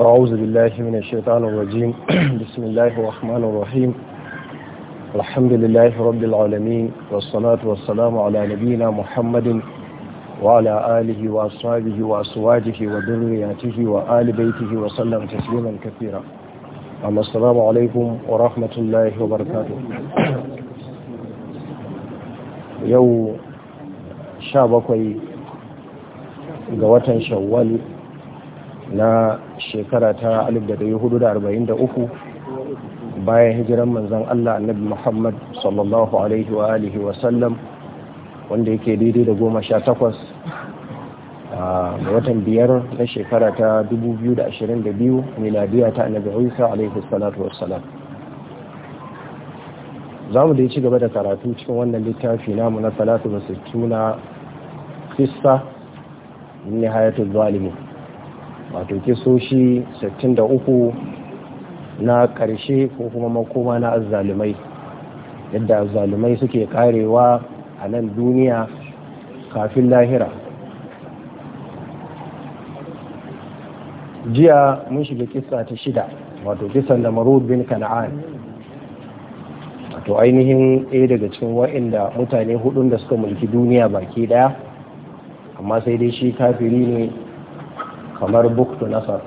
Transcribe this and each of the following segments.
أعوذ بالله من الشيطان الرجيم بسم الله الرحمن الرحيم الحمد لله رب العالمين والصلاة والسلام على نبينا محمد وعلى آله وأصحابه وأزواجه وذرياته وآل بيته وسلم تسليما كثيرا أما السلام عليكم ورحمة الله وبركاته يو شابكوي ga watan shawwal na shekara ta 1443 bayan hijiran manzan Allah annabi Muhammad sallallahu alaihi wa alihi wa sallam wanda yake daidai da goma sha takwas a watan biyar na shekara ta 2022 miladiya ta annabi Isa alaihi salatu wassalam za mu da ci gaba da karatu cikin wannan littafi namu na salatu da sittuna kissa nihayatul zalimin wato kisoshi 63 na ƙarshe ko kuma makoma na azzalumai yadda azzalumai suke karewa a nan duniya kafin lahira jiya mun shiga kisa ta shida wato kisan da marud bin kana'an wato ainihin ɗaya daga cikin wa'inda mutane hudun da suka mulki duniya baki daya amma sai dai shi kafiri ne kamar buktu nasar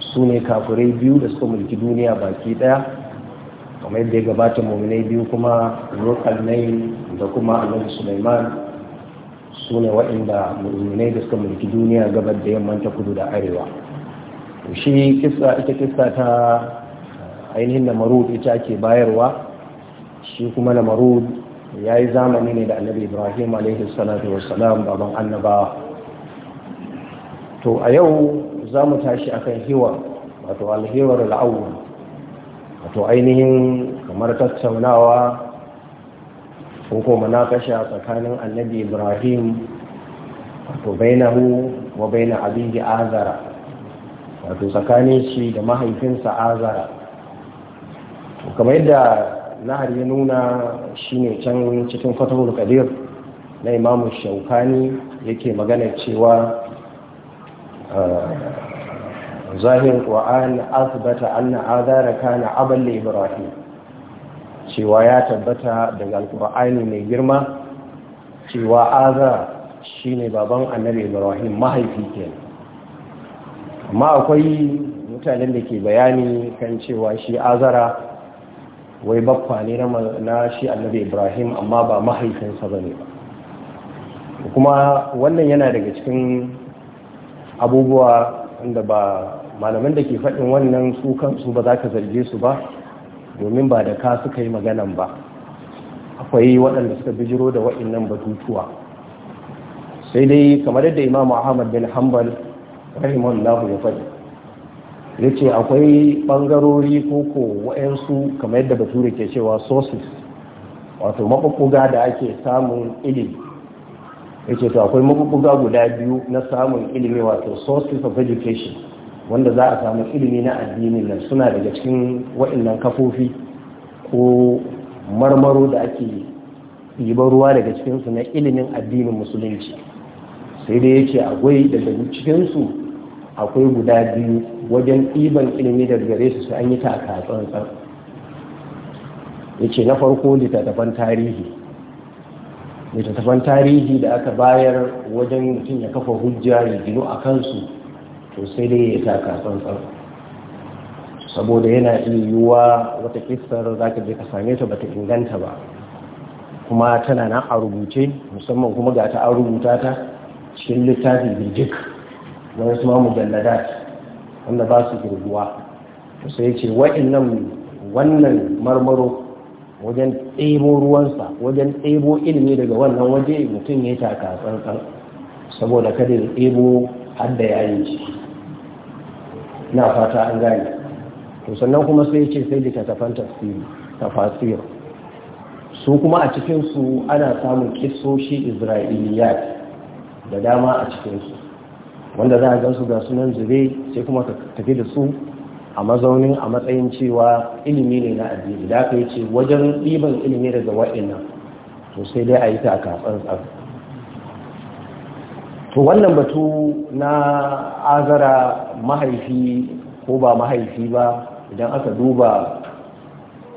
su ne kafirai biyu da suka mulki duniya baki daya kamar yadda ya gabata muminai biyu kuma nai da kuma annabi suleiman su ne waɗanda muminai da suka mulki duniya gabar da yamman ta kudu da arewa shi kisa ita kisa ta ainihin na marud ita ke bayarwa shi kuma na marud ya yi zamani ne da annabi ibrahim alaihi salatu wassalam baban annabawa to a yau za mu tashi akan hiwa wato alhiwar al'awun wato ainihin kamar tattaunawa ko kuma na kashe tsakanin annabi ibrahim wato bainahu wa baina abinji azara wato tsakanin shi da mahaifinsa azara kamar yadda nahar ya nuna shi ne can cikin fatahul kadir na imamu shaukani yake magana cewa Zahir ظاهر القرآن أثبت أن azara kana أبا Ibrahim, cewa ya tabbata daga alkur'ani mai girma cewa aza shine baban annabi ibrahim mahaifi ke amma akwai mutanen da ke bayani kan cewa shi azara wai bakwa ne na shi annabi ibrahim amma ba mahaifinsa ba ne ba kuma wannan yana daga cikin abubuwa wanda ba malaman da ke faɗin wannan su kansu ba za ka zarge su ba domin ba da ka suka yi maganan ba akwai waɗanda suka bijiro da waɗannan batutuwa sai dai kamar yadda imam ahmad bin hanbal lahu ya faɗi ya ce akwai ɓangarori ko ko wa'yansu kamar yadda bature ke cewa sources wato maɓuɓɓuga da ake samun ilimi yake to akwai mabubuga guda biyu na samun ilimi wato sources of education wanda za a samu ilimi na addini nan suna daga cikin waɗannan kafofi ko marmaro da ake ɗiban ruwa daga cikinsu na ilimin addinin musulunci sai dai yake akwai daga cikinsu akwai guda biyu wajen ɗiban ilimi da gare su sai an yi taka tsantsan ce na farko littattafan tarihi littattafan tarihi da aka bayar wajen mutum ya kafa hujja ya gino a kansu to sai dai ya taka tsantsan saboda yana iya yiwuwa wata kistar za ka je ka same ta bata inganta ba kuma tana na a rubuce musamman kuma ga ta an rubuta ta cikin littafi birjik wani su ma mujalladat wanda ba su girguwa to sai ce nan wannan marmaro wajen ɗebo ruwansa wajen ɗebo ilimi daga wannan waje mutum ya taka tsantsan saboda kada ya ɗebo har da yayin shi na fata an gane to sannan kuma sai ce sai littattafan tafsiri tafasir su kuma a cikinsu ana samun kisoshi isra'iliyat da dama a cikinsu wanda za a gansu ga sunan zube sai kuma ka tafi da su a mazaunin a matsayin cewa ilimi ne na addini da aka yi ce wajen ɗiban ilimi daga waɗannan to sai dai a yi ta tsantsan to wannan batu na azara mahaifi ko ba mahaifi ba idan aka duba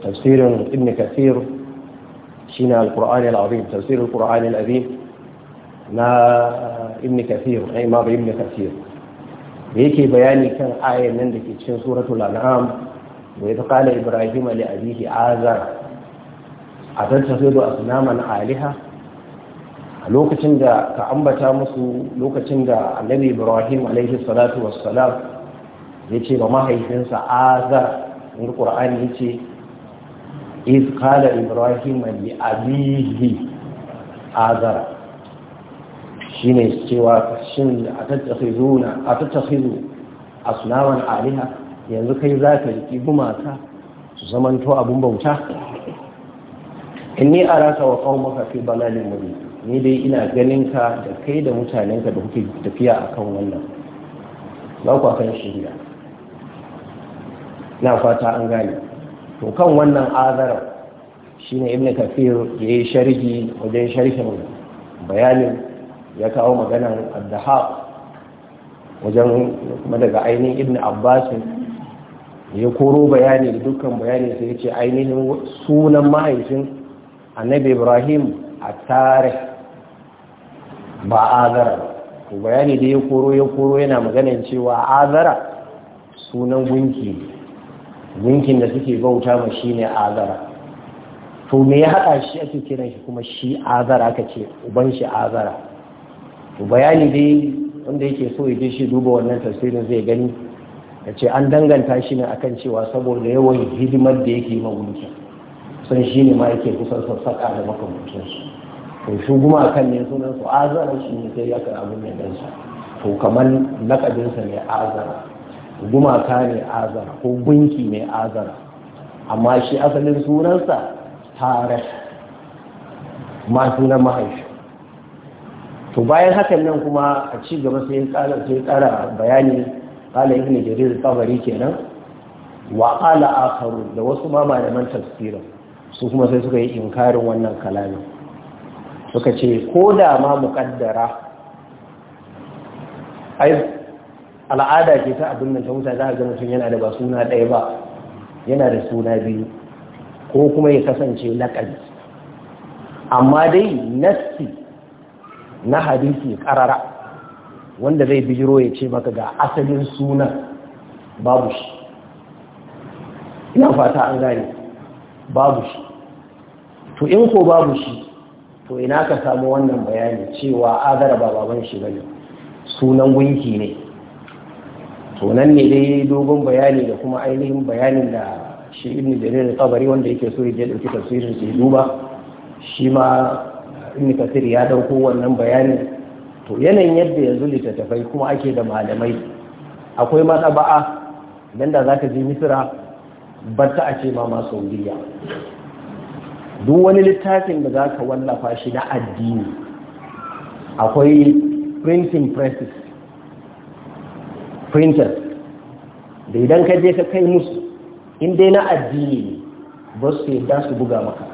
tafsirin ibn kasir shi ne al al'azim tafsirin alkur'ani al'azim na ibn kasir na imam ibn kasir da yake bayani kan ayan nan da ke cikin suratul an'am ya fi kala ibrahim li abihi azar atatakhidhu asnaman aliha a lokacin da ka ambata musu lokacin da annabi ibrahim alaihi salatu wassalam ya ce ba mahaifinsa azar in ƙur'ani ya ce iz kala ibrahim al'adihi azar shine cewa shin atattakhizuna atattakhizu asnaman aliha yanzu kai za ka riki gumaka su zamanto abin bauta inni araka wa maka fi balalin mubin ni dai ina ganin ka da kai da mutanenka da kuke tafiya akan wannan Za ku akan shirya na fata an gane to kan wannan shi shine ibn kafir ya yi sharhi wajen sharhin bayanin ya kawo maganan addahab wajen kuma daga ainihin ibn abbasin ya koro bayani da dukkan bayani sai ya ce ainihin sunan mahaifin annabi ibrahim a tare ba azara to bayani da ya koro ya koro yana maganan cewa azara sunan gunki gunkin da suke bauta ma shi shine azara to me ya haɗa shi ake kiran shi kuma shi azara aka ce uban shi azara to bayani dai wanda yake so ya je shi duba wannan tasirin zai gani ya ce an danganta shi ne akan cewa saboda yawan hidimar da yake ma gunki sun shi ne ma yake kusan sassaƙa da makamancinsu to shi kuma akan ne sunan su azara shi ne sai yaka abin ne dan to kamar lakabinsa ne azara gumaka ne azara ko gunki ne azara amma shi asalin sunansa tare ma sunan mahaifi to bayan hakan nan kuma a ci gaba sai ya sai bayani qala ibn jarir tabari kenan wa qala akharu da wasu ma malaman tafsira su kuma sai suka yi inkarin wannan kalamin suka ce ko da ma muqaddara ai al'ada ce ta abin nan ta mutane za a ga mutum yana da ba suna ɗaya ba yana da suna biyu ko kuma ya kasance laƙabi amma dai nassi na hadisi karara wanda zai bijiro ya ce maka ga asalin sunan babu shi ina fata an gane babu shi to in ko babu shi to ina ka samu wannan bayani cewa azara ba baban shi bane sunan gunki ne to nan ne dai dogon bayani da kuma ainihin bayanin da shi ibn jarir al-tabari wanda yake so ya dauki tafsirin sai duba shi ma ibn kasir ya dauko wannan bayani to yanayin yadda yanzu littattafai kuma ake da malamai akwai matsaba'a nan da zaka je misira bata ta a ce ma masu duk wani littafin da za ka wallafa shi na addini akwai printing presses printers da idan ka je ka kai musu in dai na addini ba su da su buga maka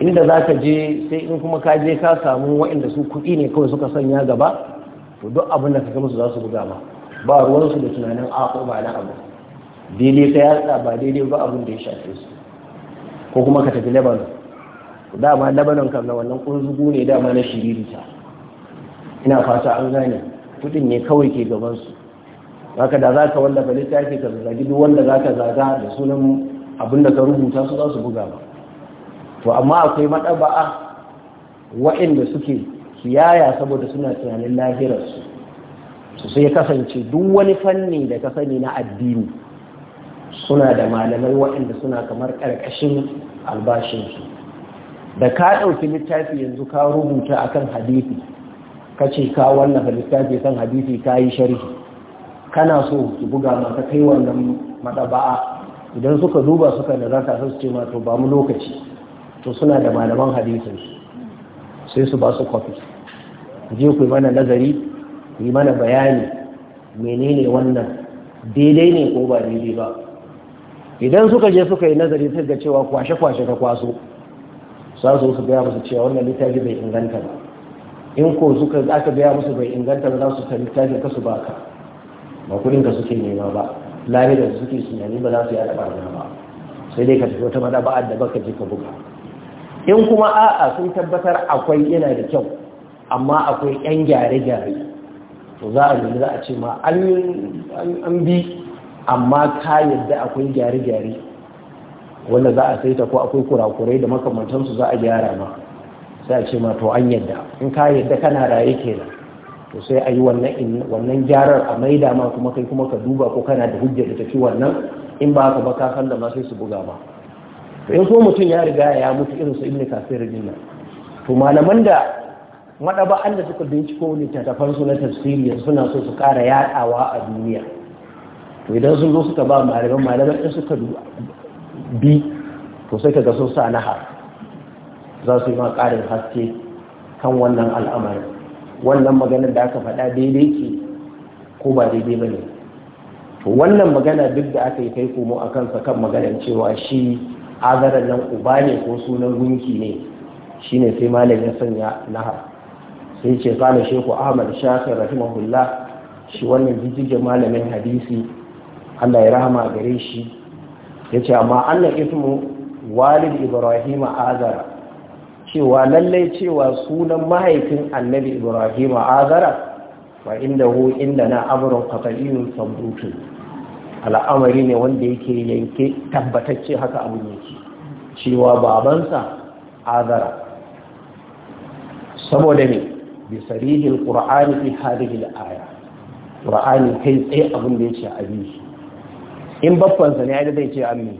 inda za ka je sai in kuma ka je ka samu waɗanda su kuɗi ne kawai suka sanya gaba to duk abin da ka gama su za su buga ma ba ruwansu da tunanin ako ah, ba na abu daidai ka yatsa ba daidai ba abin da ya shafe su ko kuma ka tafi lebanon dama lebanon kan na wannan ƙunzugu ne dama na shiririta ina fata an gane kuɗin ne kawai ke gabansu zaka da za ka wanda ka littafi ka zagi duk wanda za ka zaga da sunan abin da ka rubuta su za su buga ba to amma akwai maɗaba'a wa'inda suke kiyaya saboda suna tunanin lahirarsu su sai kasance duk wani fanni da ka sani na addini suna da malamai waɗanda suna kamar ƙarƙashin albashinsu da ka ɗauki littafi yanzu ka rubuta akan hadisi ka ce ka wannan littafi kan hadisi ka yi sharhi kana so ki buga maka kai wannan maɗaba'a idan suka duba suka da za ka su ce ma to ba mu lokaci to suna da malaman hadisun sai su ba su kwafi je ku yi mana nazari yi mana bayani menene wannan daidai ne ko ba daidai ba idan suka je suka yi nazari sai ga cewa kwashe-kwashe ka kwaso sa su su gaya musu cewa wannan littafi bai inganta ba in ko suka aka gaya musu bai inganta ba za su ta littafi ka su baka ba kudin ka suke nema ba lahirar suke tunani ba za su yi albarna ba sai dai ka tafi wata madaba'ar da baka je ka buga in kuma a'a sun tabbatar akwai yana da kyau amma akwai 'yan gyare-gyare to za a nemi za a ce ma an bi amma ka yadda akwai gyare-gyare wanda za a saita ko akwai kurakurai da makamantansu za a gyara ma sai a ce ma to an yadda in ka yadda kana raye kenan to sai a yi wannan gyarar a maida ma kuma kai kuma ka duba ko kana da hujjar da tafi wannan in ba haka ba ka sallama sai su buga ba to in so mutum ya riga ya mutu irin su ibn kasir dinna to malaman da madaba da suka binciko ta su na tafsiri suna so su kara yadawa a duniya to idan sun zo suka ba malaman malaman in suka bi to sai ka ga sun sa naha za su yi ma karin haske kan wannan al'amarin wannan maganar da aka faɗa daidai ce ko ba daidai ba ne wannan magana duk da aka yi kai komo a kansa kan maganar cewa shi agaran nan uba ne ko sunan gunki ne shine sai malamin ya sanya nahar sai ce kana shehu ahmad shafi rahimahullah shi wannan jijjigen malamin hadisi allah ya rahama gare shi ya ce amma annan ismu walid ibrahim azara cewa lallai cewa sunan mahaifin annabi ibrahim azara wa inda hu inda na amurin kwataliyun butu. al'amari ne wanda yake yanke tabbatacce haka abin yake cewa babansa azara saboda ne bi sarihil qur'ani fi hadhihi al-aya qur'ani kai tsaye abin da yake shi in babbansa ne ya zai ce ammi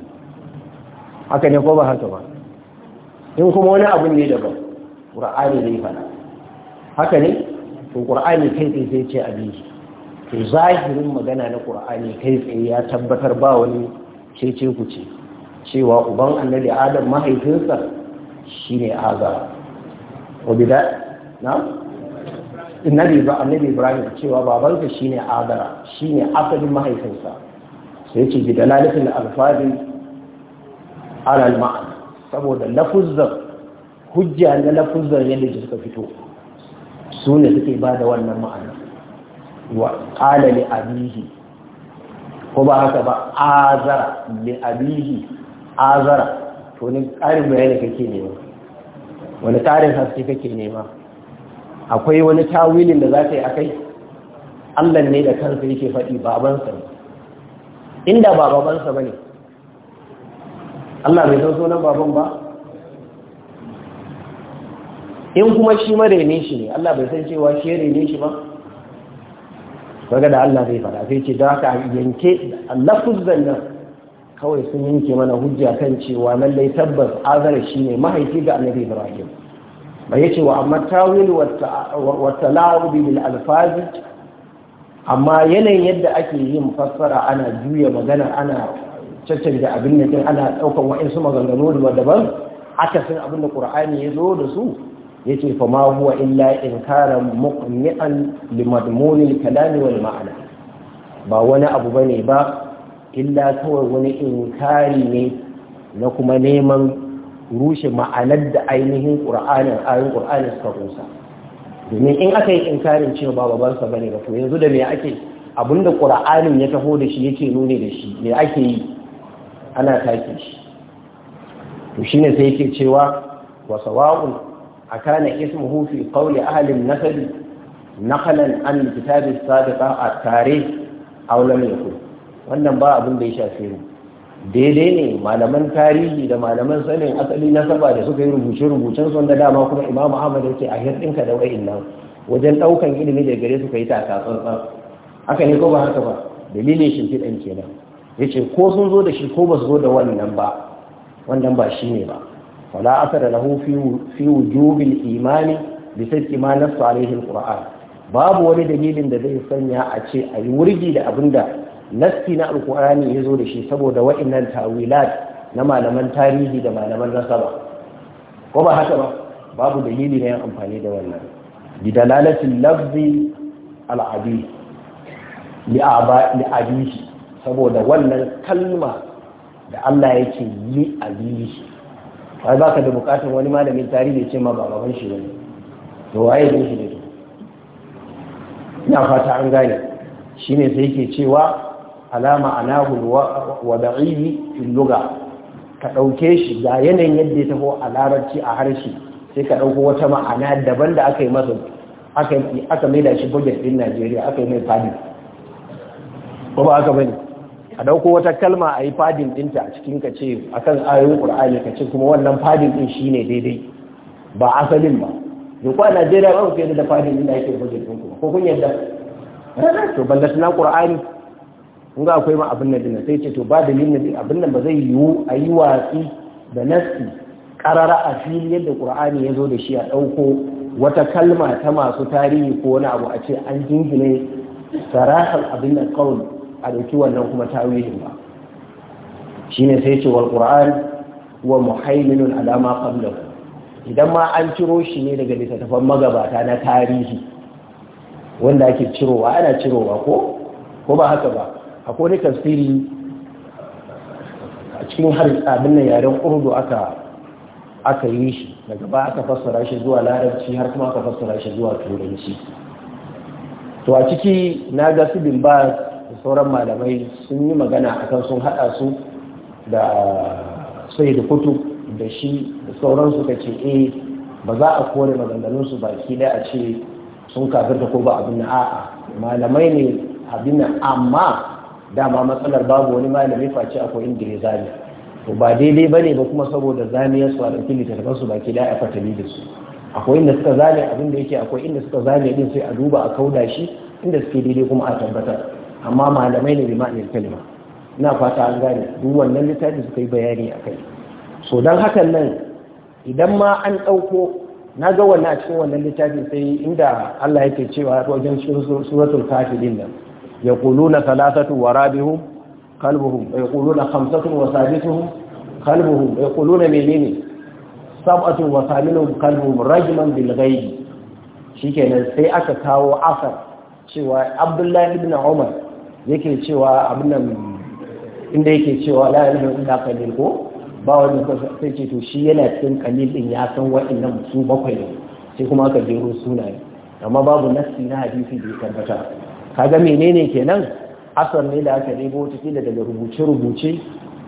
haka ne ko ba haka ba in kuma wani abin ne daban qur'ani zai fa haka ne to qur'ani kai tsaye zai ce abi to zahirin magana na ƙur'ani kai tsaye ya tabbatar ba wani cece ku ce cewa uban annabi adam mahaifinsa shine azara obida na annabi annabi ibrahim cewa babansa shine azara shine asalin mahaifinsa sai ce gida lalifin alfadi alal maan saboda lafuzzar hujja na lafuzzar yadda suka fito su ne suke ba da wannan ma'ana wa qala li abihi ko ba haka ba azara li abihi azara to ni ƙarin bayani kake nema wani ƙarin haske kake nema akwai wani tawilin da za ka yi akai Allah ne da kansa yake faɗi babansa ne inda ba babansa ba ne Allah bai san sunan baban ba in kuma shi marene shi ne Allah bai san cewa shi rene shi ba kaga da Allah zai faɗa sai ce da ka yanke lafuzan nan kawai sun yanke mana hujja kan cewa lallai tabbas azar shine mahaifi ga annabi Ibrahim bai yace wa amma tawil wa tala'ub bil alfaz amma yanayin yadda ake yin fassara ana juya magana ana caccanja abin da ana daukan wa'insu maganganu daban daban akasin abin da Qur'ani ya zo da su yace fa ma huwa illa inkaran muqni'an limadmuni kalami wal ma'ana ba wani abu bane ba illa kawai wani inkari ne na kuma neman rushe ma'anar da ainihin qur'anin ayin qur'anin suka rusa domin in aka yi inkarin cewa ba babansa bane ba to yanzu da me ake abinda qur'anin ya taho da shi yake nune da shi me ake yi ana take shi to shine sai yake cewa wa sawa'un أكان اسمه في قول أهل النسب نقلا عن الكتاب السابقة التاريخ أو لم يكن wannan ba abin da ya shafe mu daidai ne malaman tarihi da malaman sanin asali na saba da suka yi rubuce-rubucen sun da dama kuma imamu ahmad ya ce a hirɗinka da wa'in nan wajen ɗaukan ilimi da gare suka yi taka tsantsan haka ne ko ba haka ba dalilin shimfiɗan kenan ya ce ko sun zo da shi ko ba su zo da wannan ba wannan ba shi ne ba فلا أثر له في في وجوب الإيمان بصدق ما نص عليه القرآن باب wani dalilin da zai sanya a ce a yi wurgi da abinda da na alkur'ani ya zo da shi saboda wa'annan tawilat na malaman tarihi da malaman nasaba ko ba haka ba babu dalili na yin amfani da wannan bidalalatin lafzi al'adi li'abihi saboda wannan kalma da Allah yake yi abihi ai ba ka da bukatar wani malamin tarihi ce ma ba baban shi wani to waye zai shi ne ina fata an gane shine sai yake cewa alama anahu wa da'ibi fil lugha ka dauke shi ga yanayin yadda ya taho a larabci a harshe sai ka dauko wata ma'ana daban da aka yi masa aka aka mai da shi budget din Najeriya aka yi mai fadi ko ba aka bane a dauko wata kalma a yi fadin dinta a cikin ka ce akan ayoyin qur'ani ka ce kuma wannan fadin din ne daidai ba asalin ba duk kwa Najeriya ba ku yadda da fadin din da yake budget ɗin ku ko kun yadda to balla tana qur'ani kun ga akwai ma abin nan sai ce to ba dalilin da abin nan ba zai yiwu a yi watsi da nasi karara a fili yadda qur'ani ya zo da shi a ɗauko wata kalma ta masu tarihi ko wani abu a ce an jingine sarahar abin da kawai a dauki wannan kuma tawilin ba ne sai ce wal qur'an wa muhaiminun ala ma idan ma an ciro shi ne daga littattafan magabata na tarihi wanda ake cirowa ana cirowa ko ko ba haka ba akwai tafsiri a cikin har abin nan yaren urdu aka aka yi shi daga ba aka fassara shi zuwa larabci har kuma aka fassara shi zuwa turanci to a ciki na ga su ba sauran malamai sun yi magana akan sun hada su da sai da kutu da shi da sauran suka ce eh ba za a kore maganganun su baki da a ce sun kafirta ko ba abin a'a malamai ne abin amma dama matsalar babu wani malami face akwai inda ya zane to ba daidai ba ne ba kuma saboda zamiyar su a ɗauki littattafan su baki da a fatali da su akwai inda suka zane abin da yake akwai inda suka zane din sai a duba a kauda shi inda suke daidai kuma a tabbatar amma malamai ne bi ma'anar kalma ina fata an gane duk wannan littafin suka yi bayani a kai so don hakan nan idan ma an ɗauko na ga wannan a cikin wannan littafin, sai inda Allah yake cewa wajen suratul kafirin nan ya kulu na salasatu wa rabihum kalbuhum ya kulu na khamsatu wa sadisuhum kalbuhum ya kulu na menene Sabatun wa thaminuhum kalbuhum rajman bil ghaibi shikenan sai aka kawo asar cewa Abdullahi ibn Umar yake cewa abin inda yake cewa la ilaha ina kalil ko ba wani sai ce to shi yana cikin kalil din ya san wa'annan su bakwai ne sai kuma aka jero sunaye amma babu nassi na hadisi da ya tabbata kaga menene kenan asar ne da aka ta daga rubuce-rubuce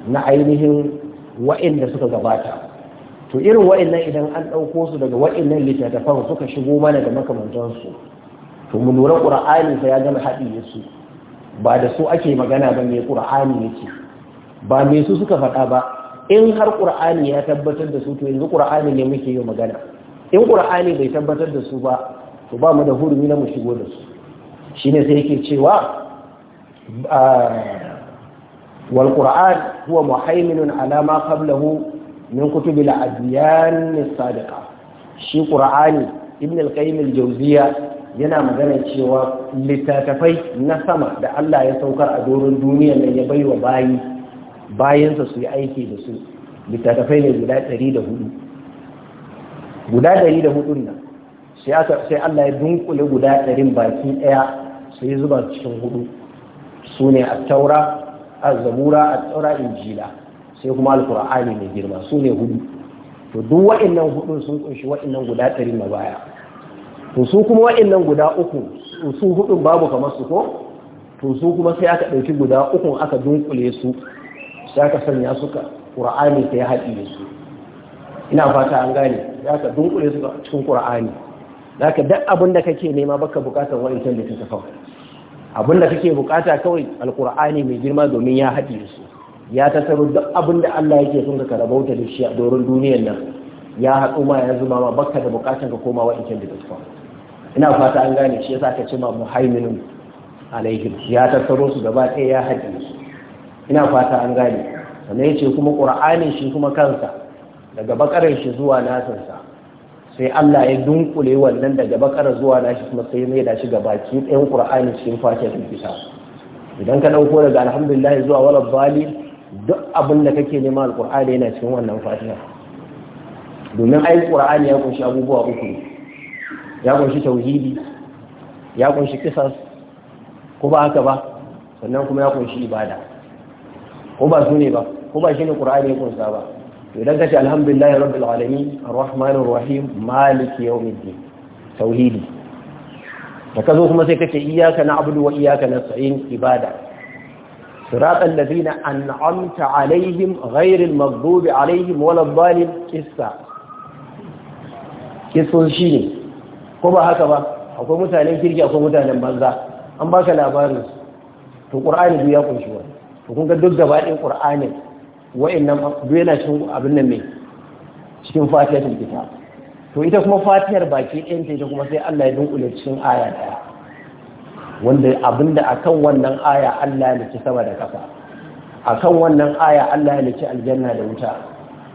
na ainihin wa'inda suka gabata to irin wa'annan idan an ɗauko su daga wa'annan littattafan suka shigo mana da makamantansu to mu lura ƙura'ani sai ya gama haɗiye su ba da su ake magana ba mai ƙur'ani yake ba mai su suka faɗa ba in har ƙur'ani ya tabbatar da su to yanzu ƙur'ani ne muke yi magana in ƙur'ani bai tabbatar da su ba to ba mu da hurumi na mu shigo da su Shi ne sai yake cewa wal ƙura'an huwa muhaiminun alama kablahu min kutubi adyan as shi ƙur'ani, ibn al-qayyim al-jawziya yana magana cewa littattafai na sama da Allah ya saukar a doron duniyar nan ya baiwa bayi bayansa su yi aiki da su littattafai ne guda 104 guda 104 nan sai Allah ya dunkule guda 100 baki daya su yi zuba cikin hudu su ne a taura a zamura a taura injila sai kuma alkur'ani mai girma su ne hudu to duk waɗannan hudun sun kunshi waɗannan guda 100 na baya to su kuma wa'annan guda uku su hudun babu kamar su ko to su kuma sai aka ɗauki guda ukun aka dunkule su sai aka sanya ka qur'ani sai haɗi su ina fata an gane za ka dunkule su cikin qur'ani za ka duk abin da kake nema baka bukatar wa'ancan da ta kawai abin da kake bukata kawai alqur'ani mai girma domin ya haɗi su ya tattaro duk abin da Allah yake son ka rabauta da shi a doron duniyar nan ya haɗu ma ya zuma ma baka da bukatar ka koma wa'ancan da ta kawai ina fata an gane shi yasa ka ce ma muhaiminin alaihim ya tattaro su gaba ɗaya ya haɗe su ina fata an gane sannan ya ce kuma ƙur'ani shi kuma kansa daga bakarar shi zuwa nasansa sai Allah ya dunkule wannan daga bakarar zuwa nashi kuma sai mai da shi gaba ki ɗayan ƙur'ani cikin sun fita idan ka ɗauko daga alhamdulillah zuwa wala bali duk abin da kake nema alƙur'ani yana cikin wannan fatiha domin ai ƙur'ani ya kunshi abubuwa uku ya kunshi tauhidi ya kunshi kisas ko ba haka ba sannan kuma ya kunshi ibada ko ba su ne ba ko ba shi ne ƙura'ani ya kunsa ba to idan kace alhamdulillahi rabbil alamin arrahmanir rahim maliki yawmiddin tauhidi da ka zo kuma sai iyaka na na'budu wa iyaka na nasta'in ibada صراط الذين أنعمت عليهم غير المغضوب عليهم ولا الضالين قصة قصة شيء ko ba haka ba akwai mutanen kirki akwai mutanen banza an ba ka labarin to ƙur'ani duk ya kunshi wani to kun ga duk gaba ɗin wa'in nan duk yana cikin abin nan mai cikin fatiyar kita. to ita kuma fatiyar baki ɗayan ta ita kuma sai Allah ya dunkule cikin aya ɗaya wanda abinda akan wannan aya Allah ya liki sama da ƙasa akan wannan aya Allah ya liki aljanna da wuta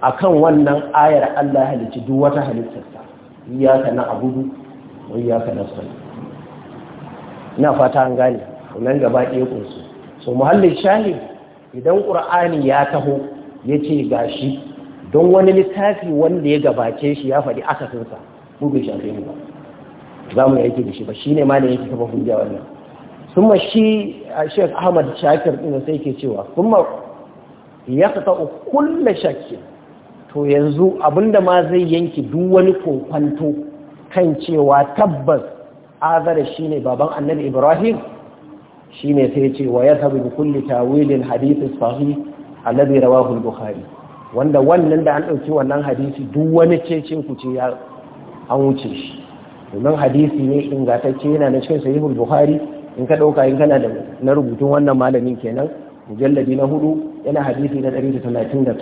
akan wannan ayar Allah ya liki duk wata halittarsa iyaka na abudu ya ka nasta'in ina fata an gane wannan gaba ɗaya su. so muhallin shani idan ƙur'ani ya taho yace gashi don wani littafi wanda ya gabace shi ya faɗi akasinsa mu bai shafe mu za mu aiki da shi ba shine ma ne yake kafa hujja wannan ثم shi Sheikh Ahmad Shakir din sai yake cewa kuma ya kata kullu shakki to yanzu abinda ma zai yanki duk wani kokwanto kan cewa tabbas azara shine baban annabi ibrahim shine sai ce wa sabu bi kulli tawilin hadith sahih alladhi rawahu al-bukhari wanda wannan da an dauki wannan hadisi duk wani cece ku ce ya an wuce shi domin hadisi ne ingantacce yana na cikin sahihul bukhari in ka dauka in kana da na rubutun wannan malamin kenan mujalladi na hudu yana hadisi na 139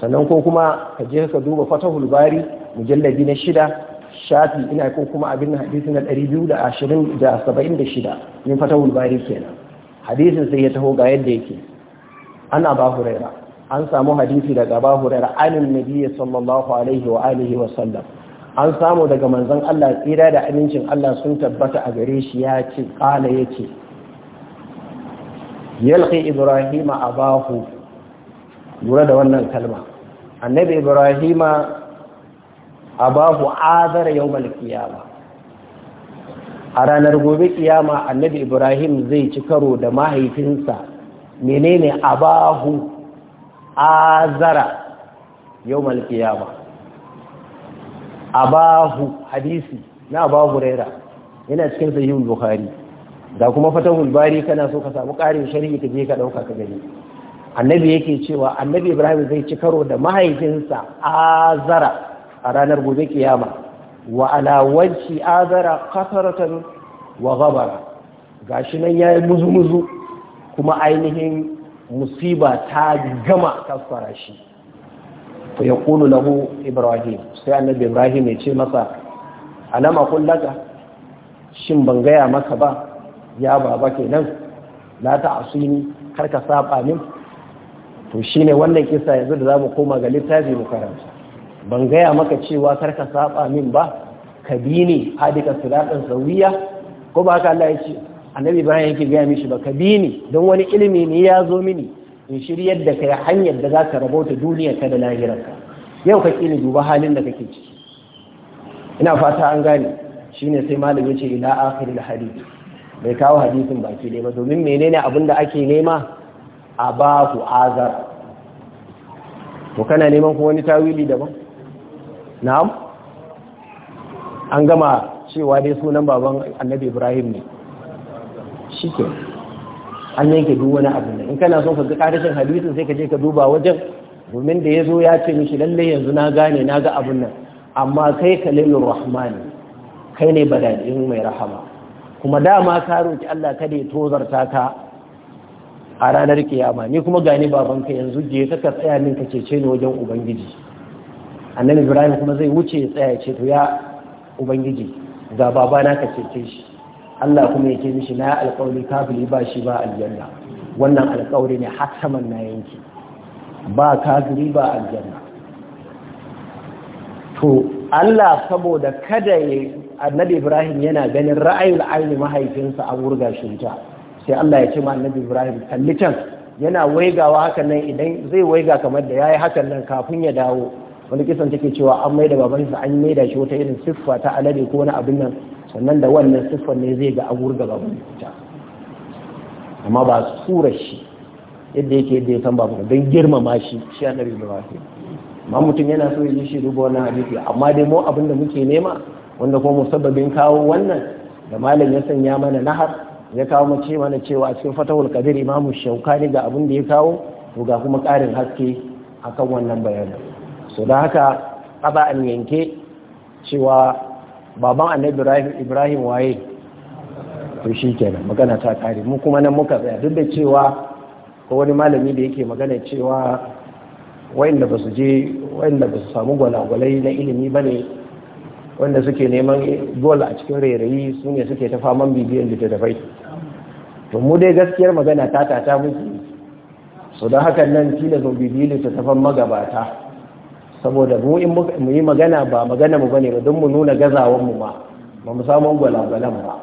sannan ko kuma ka je ka duba fatahul bari mujalladi na shida shafi ina ko kuma abin na hadisi na 276 min fatahul bari kenan hadisin sai ya taho ga yadda yake ana ba huraira an samu hadisi daga ba huraira anin nabiyyi sallallahu alaihi wa alihi wa sallam an samu daga manzon Allah tsira da amincin Allah sun tabbata a gare shi ya ce kala yake yalqi ibrahima abahu lura da wannan kalma annabi ibrahima abahu azara yau qiyama a ranar gobe kiyama annabi ibrahim zai ci karo da mahaifinsa menene abahu azara yawmal qiyama abahu hadisi na abahu raira yana cikin sahihul buhari da kuma fatahul bari kana so ka samu karin sharhi ka je ka dauka ka gani annabi yake cewa annabi ibrahim zai ci karo da mahaifinsa azara a ranar gobe kiyama wa ala wajhi azara qataratan wa ghabara gashi nan yayi muzu-muzu kuma ainihin musiba ta gama kasfara shi fa yaqulu lahu ibrahim sai annabi ibrahim ya ce masa alama kullaka shin ban gaya maka ba ya baba kenan la ta'sini kar ka saba min to shine wannan kisa yanzu da zamu koma ga littafi mu karanta ban gaya maka cewa kar ka saba min ba ka bi ni hadika sulatan sawiya ko ba haka Allah ya ce annabi Ibrahim yake gaya mishi ba ka bi ni don wani ilimi ne ya zo mini in shiryar da kai hanyar da za ka rabauta duniyar ka da ka yau ka kini duba halin da kake ciki ina fata an gane shine sai malami ce ila akhiril hadith bai kawo hadisin baki dai ba domin menene abin da ake nema a ba ku azar to kana neman ko wani tawili daban na'am an gama cewa dai sunan baban annabi ibrahim ne shi ke an yanke duk wani abu ne in kana son ka ga ƙarashin hadisin sai ka je ka duba wajen domin da ya zo ya ce mishi lalle yanzu na gane na ga abun nan amma kai Kalilun rahmani kai ne badadin mai rahama kuma dama ka roki Allah kada ya tozarta ka a ranar kiyama ni kuma gane babanka yanzu je ka tsaya min ka cece ni wajen ubangiji annabi ibrahim kuma zai wuce ya tsaya ya ce to ya ubangiji ga na ka cece shi Allah kuma yake mishi na alƙawari kafiri ba shi ba aljanna wannan alƙawari ne har saman na yanki ba kafiri ba aljanna to Allah saboda kada ya annabi Ibrahim yana ganin raayin aini mahaifinsa a wurga shi sai Allah ya ce ma annabi Ibrahim kalli can yana waigawa hakan nan idan zai waiga kamar da yayi hakan nan kafin ya dawo wani kisan take cewa an mai maida babansa an da shi wata irin siffa ta alade ko wani abin nan sannan da wannan siffan ne zai ga agur ga baban ta amma ba sura shi yadda yake yadda ya san baban don girmama shi shi annabi shi amma mutum yana so ya yi shi duba wannan hadisi amma dai mu abinda da muke nema wanda kuma musabbabin kawo wannan da malam ya sanya mana nahar ya kawo mace mana cewa cikin fatawul kadir imamu shaukani ga abin da ya kawo to ga kuma karin haske akan wannan bayanin so da haka ƙaba an yanke cewa baban annabi ibrahim waye to shi kenan magana ta kare mu kuma nan muka tsaya duk da cewa ko wani malami da yake magana cewa wayanda ba su je wayanda ba su samu gwalagwalai na ilimi ba ne wanda suke neman gol a cikin rairayi su ne suke ta faman bibiyan littattafai to mu dai gaskiyar magana ta tata muke so da hakan nan bibiyan da ta faman magabata saboda mu in mu yi magana ba magana mu bane ba don mu nuna gazawan mu ba ba mu samu gwalagwalan ba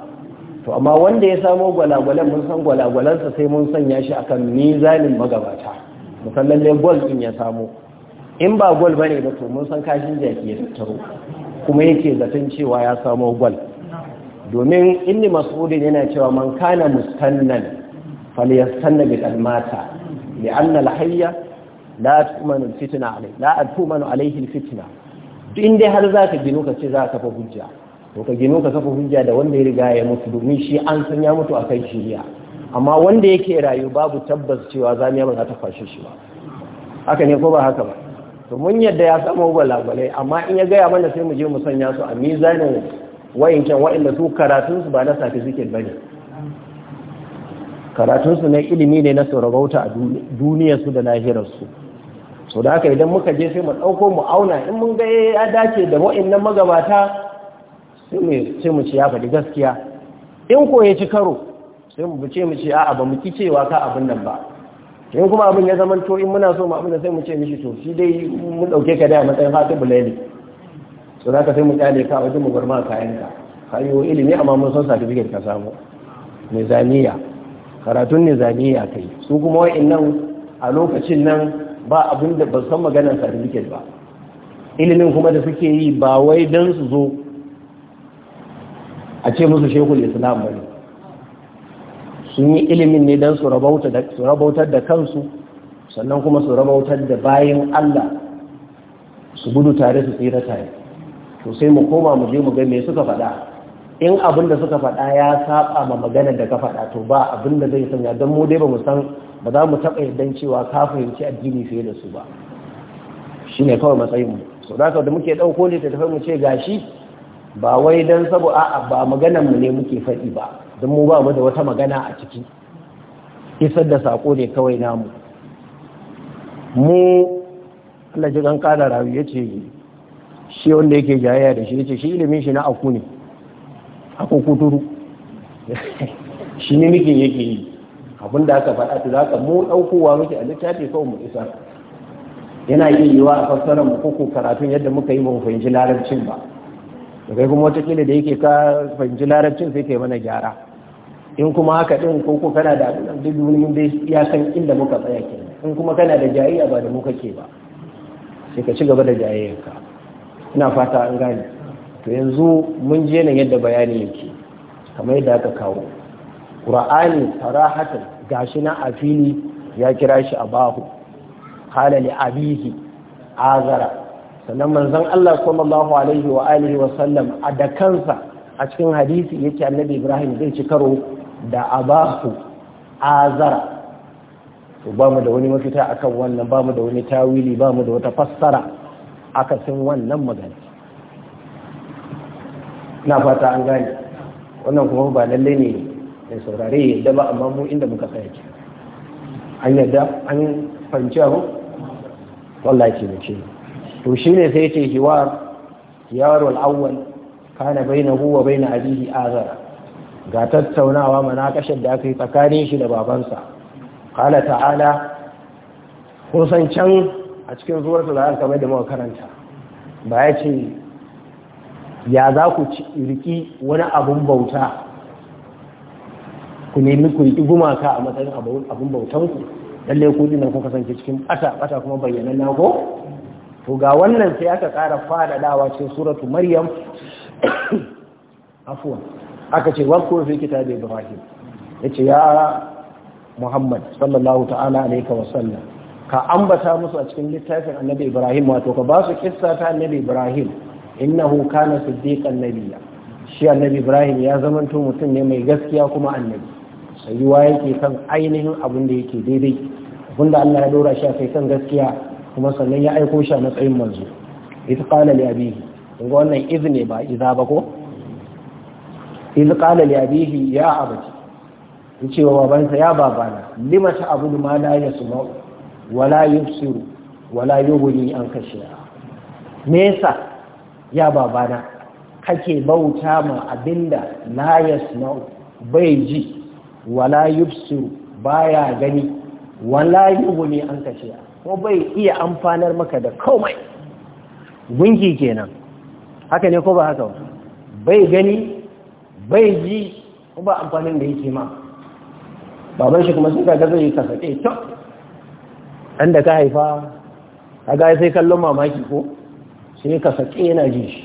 to amma wanda ya samu gwalagwalan mun san gwalagwalansa sai mun sanya shi akan mizanin magabata mu san lalle gol din ya samu in ba gol bane ba to mun san kashin jaki ya tattaro kuma yake zaton cewa ya samu gol domin inni mas'udin yana cewa man kana mustannan falyastanna bil almata li'anna al-hayya la tumanu fitna alai la tumanu fitna duk inda har za ka gino ka ce za ka kafa hujja to ka gino ka kafa hujja da wanda ya riga ya mutu domin shi an san ya mutu akan shiriya amma wanda yake rayu babu tabbas cewa zamiya ba za ta fashe shi ba haka ne ko ba haka ba to mun yadda ya samu gwalagwalai amma in ya gaya mana sai mu je mu sanya su a mizanin wa'incan da su karatunsu ba na safi zikir ba ne karatunsu ne ilimi ne na bauta a duniyarsu da lahirarsu so da haka idan muka je sai mu ɗauko mu auna in mun ga eh, ya dace da nan magabata sai mu ce ya faɗi gaskiya in ko ya ci karo sai mu ce mu ce a'a ba mu ki cewa ka abin nan ba in kuma abin ya zama to in muna so mu abin da sai mu ce mishi to shi dai mun ɗauke ka da matsayin hatu bulali so da haka sai mu ƙyale ka wajen mu gurma kayan ka kayo ilimi amma mun san certificate ka samu nizaniya karatun ka kai su kuma nan a lokacin nan ba abin da ba san maganar certificate ba ilimin kuma da suke yi ba wai don su zo a ce musu shekul islam ba sun yi ilimin ne don su rabautar da kansu sannan kuma su rabautar da bayan allah su gudu tare su tsira tare to sai mu koma mu je mu ga me suka faɗa in abin da suka faɗa ya saba ma maganar da ka faɗa to ba abin da zai sanya don mu dai ba mu san ba za mu taɓa yardan cewa ka fahimci addini fiye da su ba shi ne kawai mu so da da muke ɗauko ne ta tafi mu ce gashi ba wai don sabo a'a ba maganan mu ne muke faɗi ba don mu ba mu da wata magana a ciki isar da sako ne kawai namu mu Allah ji kan kada rawi yace shi wanda yake jayayya da shi yace shi ilimin shi na aku ne aku kuturu shi ne muke yake yi abin da aka faɗa ta zaka mu ɗaukowa muke a littafi kawai mu isa yana iya yiwa a fassarar mu koko karatun yadda muka yi ba mu fahimci larabcin ba da kai kuma watakila da yake ka fahimci larabcin sai kai mana gyara in kuma haka ɗin koko kana da abin da wani dai ya san inda muka tsaya ke in kuma kana da jayayya ba da muka ke ba sai ka ci gaba da jayayyarka ina fata an gane to yanzu mun je nan yadda bayani yake kamar yadda aka kawo qur'ani sarahatan gashi na a fili ya kira shi abahu qala li abihi azara sannan manzon Allah sallallahu alaihi wa alihi wa sallam a da kansa a cikin hadisi yake annabi Ibrahim zai ci karo da abahu azara to ba mu da wani mafita akan wannan ba mu da wani tawili ba mu da wata fassara akasin wannan magana na fata an gane wannan kuma ba lalle ne mai saurare yadda ba amma mu inda muka tsaya ke an yadda an fahimci abu wallahi ce mu ce to shi ne sai ce hiwar hiwar bai na kana baina na bain abihi azara ga tattaunawa manakashar da aka yi tsakanin shi da babansa qala ta'ala kun can a cikin zuwar sulal kamar da muka karanta ba ya ce ya za ku riki wani abun bauta ku nemi ku yi a matsayin abin bautan ku lalle na kuka kasance cikin ɓata bata kuma bayyanan na ko to ga wannan sai aka ƙara faɗaɗawa cikin suratu maryam afuwa aka ce ko fi da ibrahim Ya ce ya muhammad sallallahu ta'ala alaika wa sallam ka ambata musu a cikin littafin annabi ibrahim wato ka ba su kissa ta annabi ibrahim innahu kana siddiqan nabiyya shi annabi ibrahim ya zamanto mutum ne mai gaskiya kuma annabi tsayuwa yake kan ainihin abin da yake daidai abin da Allah ya dora shi a kai kan gaskiya kuma sannan ya aiko shi a matsayin manzo ita qala li abihi ga wannan izne ba iza ba ko iz qala li abihi ya abati ce wa babansa ya babana lima ta abu ma la yasma wa la yubsiru wa la yughni an kashiya me yasa ya babana kake bauta ma abinda la yasma bai ji wala yubsu baya gani wala ne an kashe? ko bai iya amfanar maka da komai gungi kenan haka ne ko ba haka bai gani bai ji ko ba amfanin da yake ma baban shi kuma sai kaga zai kasace eh, to dan da ka haifa kaga sai kallon mamaki ko sai kasake eh, yana ji shi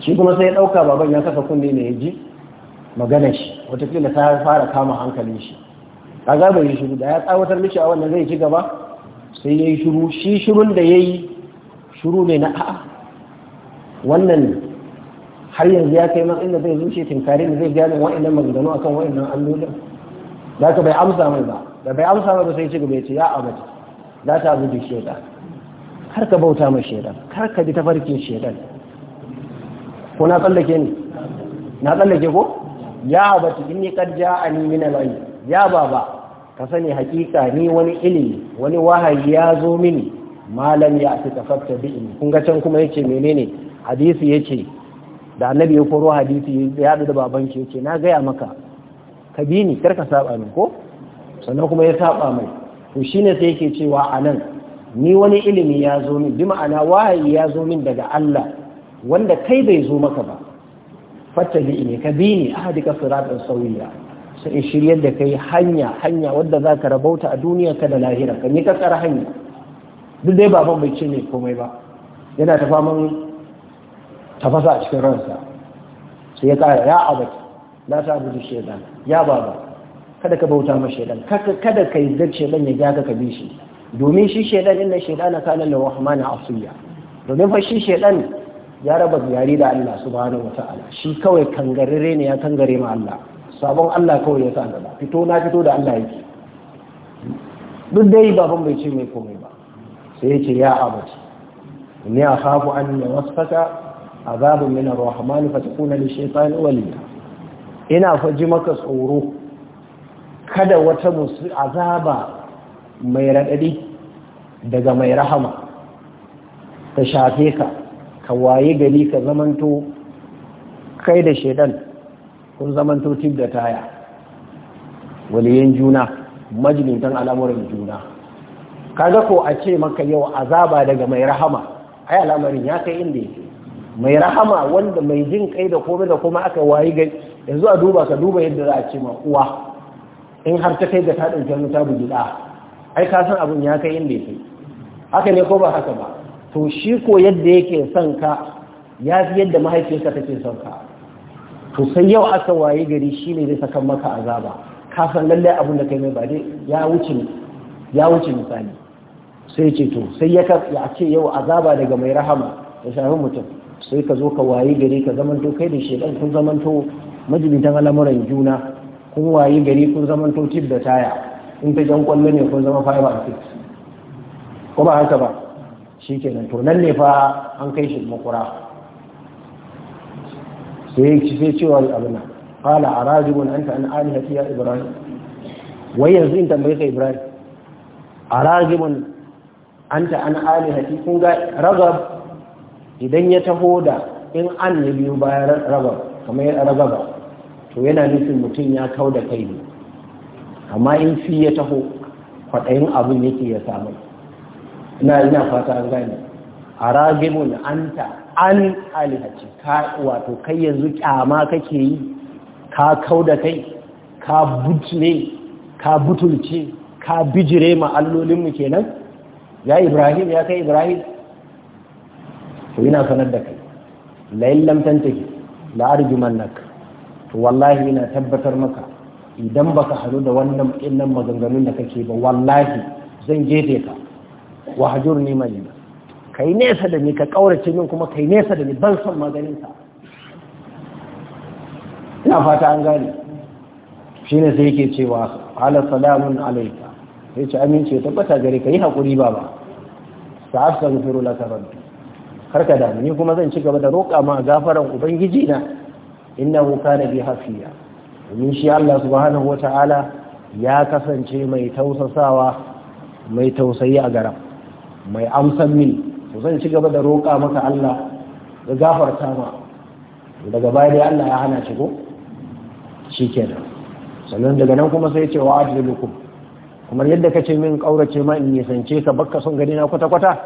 shi kuma sai dauka baban ya kasa kunne ne ya ji magana shi wataƙila ta fara kama hankalin shi kaga bai yi shiru da ya tsawatar miki a wannan zai ci gaba sai yi shiru shi shirun da ya yi shiru ne na a'a wannan har yanzu ya kai matsayin da zai zuce tinkari da zai gane wa'annan maganganu akan wa'annan allolin da ka bai amsa mai ba da bai amsa mai ba sai ci gaba ya ce ya mace. za ta abu da shaidan kar ka bauta mai shaidan kar ka bi tafarkin shaidan ko na tsallake ne na tsallake ko ya abati inni a ni min lai ya baba ka sani hakika ni wani ilimi wani wahayi ya zo mini malam ya fi tafatta bi in kun ga can kuma yace menene hadisi ce da annabi ya koro hadisi ya haɗu da baban shi ce na gaya maka ka bi ni kar ka saba min ko sannan kuma ya saba mai to shine sai yake cewa a nan ni wani ilimi ya zo min bi ma'ana wahayi ya zo min daga Allah wanda kai bai zo maka ba ne, ka bi ni ahdika siratan sawiya sai shiryar da kai hanya hanya wadda za ka rabauta a duniya ka da lahira ka ni ka tsara hanya duk dai baban bai ce ne komai ba yana ta faman tafasa a cikin ransa sai ya kara ya abati na ta abudu shaidan, ya baba kada ka bauta ma shaidan, kada ka yi zar shaidan ya ja ka bi shi domin shi shaidan shaitan inna shaitana kana lahu rahmana asuya, domin fa shi shaidan. ya raba yare da Allah subhanahu wata'ala shi kawai kangarare ne ya kangare ma Allah sabon Allah kawai ya sa gaba fito na fito da Allah yake duk dai baban bai ce mai komai ba sai ya ce ya abaci ni a khafu an ya wasfaka azabun min ar-rahman fa takuna li shaytan waliya ina faji maka tsoro kada wata musu azaba mai radadi daga mai rahama ta shafe ka ka waye gari ka zamanto kai da shaidan kun zamanto tib da taya waliyan juna majilintan al'amuran juna kaga ko a ce maka yau azaba daga mai rahama ai al'amarin ya kai inda yake mai rahama wanda mai jin kai da kome da kuma aka waye gari yanzu a duba ka duba yadda za a ce ma uwa in har ta kai ga ta ɗauke ta bugi ɗa ai ka san abin ya kai inda yake haka ne ko ba haka ba to shi ko yadda yake son ka ya fi yadda mahaifiyarsa take son ka to sai yau aka waye gari shi ne zai saka maka azaba kafin san lallai abin da kai mai ba dai ya wuce ya misali sai ce to sai ya ce yau azaba daga mai rahama ya shafi mutum sai ka zo ka waye gari ka zamanto kai da shedan kun zamanto majalitan al'amuran juna kun waye gari kun zamanto tip da taya in ta jan kwallo ne kun zama fiber and six ko ba haka ba shi kenan to nan ne fa an kai shi makura sai sai cewa abin kala a rajibun an alihati ya ibrahim wai yanzu in tambaye ka ibrahim a rajibun an alihati kun ga ragab idan ya taho da in an ya biyu bayan ragab kamar ragaba to yana nufin mutum ya kau da kai ne amma in fi ya taho kwaɗayin abin yake ya samu ina ina fata an gane a ragibun anta an alihaci wato kai yanzu kyama kake yi ka kau da kai ka butule ka butulce ka bijire ma kenan ya ibrahim ya kai ibrahim to ina sanar da kai layin arjiman la'arjumannaka to wallahi ina tabbatar maka idan baka haɗu da wannan innan maganganun da kake ba wallahi zan gefe ka wa hajurni Ka yi nesa da ni ka kaurace min kuma kai nesa da ni ban son maganinsa ina fata an gane shine sai yake cewa ala salamun alayka sai ce amince tabbata gare ka yi hakuri baba sa'astaghfiru laka rabbi karka da ni kuma zan ci gaba da roƙa ma gafaran ubangiji na innahu kana bi hafiya domin shi Allah subhanahu ta'ala ya kasance mai tausasawa mai tausayi a garan mai amsan min zan ci gaba da roƙa maka Allah da gafarta ma daga baya dai Allah ya hana shi ko sannan daga nan kuma sai ce wa ajlilukum kamar yadda ka ce min ƙaurace ma in nisance ka bakka son gani na kwata kwata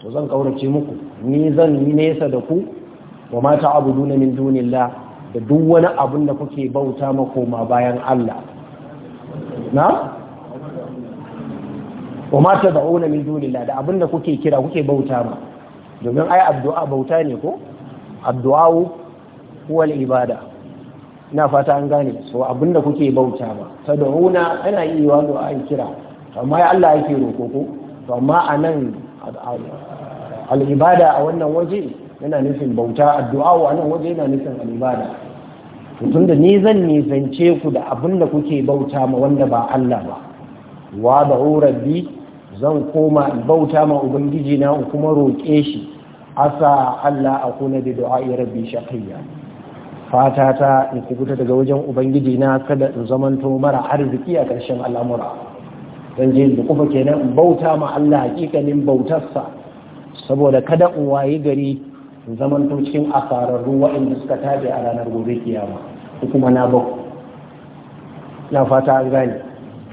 to zan kaurace muku ni zan yi nesa da ku wa ma ta'buduna min dunillah da duk wani abin da kuke bauta ma koma bayan Allah na wa ma tad'una min dunillah da abinda kuke kira kuke bauta ma domin ai addu'a bauta ne ko addu'a huwa ibada ina fata an gane so abinda kuke bauta ma tad'una ana yi wa du'a kira amma ya Allah yake roko ko to amma anan al-ibada a wannan waje yana nufin bauta addu'a a nan waje yana nufin al-ibada to da ni zan nisance ku da abin da kuke bauta ma wanda ba Allah ba wa da'u rabbi zan koma in bauta ma ubangiji na kuma roƙe shi asa Allah a kuna bi ya rabbi shaqiyya fata ta in kubuta daga wajen ubangiji na kada in zamanto mara arziki a ƙarshen al'amura dan je da kufa kenan in bauta ma Allah hakikanin bautarsa saboda kada in wayi gari in zamanto cikin asararru waɗanda suka tabe a ranar gobe kiyama kuma na bako na fata an gane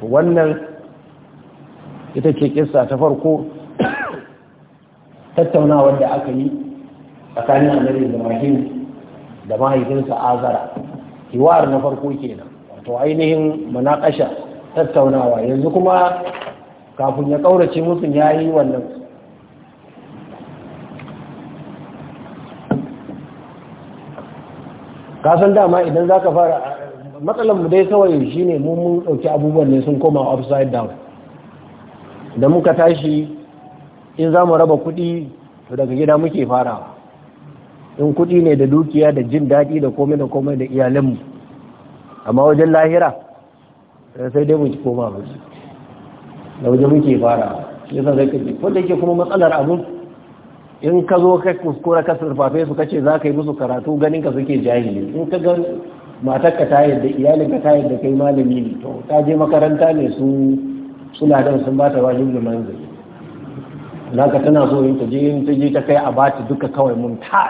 wannan ita ce kissa ta farko tattaunawar da aka yi tsakanin annabi ibrahim da mahaifinsa azara hiwar na farko kenan wato ainihin munakasha tattaunawa yanzu kuma kafin ya kaurace musu ya yi wannan kasan dama idan zaka fara matsalar mu dai kawai shine mun mun dauki abubuwan ne sun koma upside down da muka tashi in za mu raba kudi to daga gida muke farawa in kudi ne da dukiya da jin daɗi da komai da komai da iyalinmu amma wajen lahira sai dai mun koma musu da wajen muke farawa ya san zai kaji wanda yake kuma matsalar abu in ka zo ka kuskura ka surfafe su kace za ka yi musu karatu ganin ka suke jahili in ka ga matar ka ta yadda iyalin ka ta yadda kai malami ne to ta je makaranta ne su suna dan sun bata wajin da manzili naka tana so yin ta je yin ta je ta kai a bata duka kawai mun ta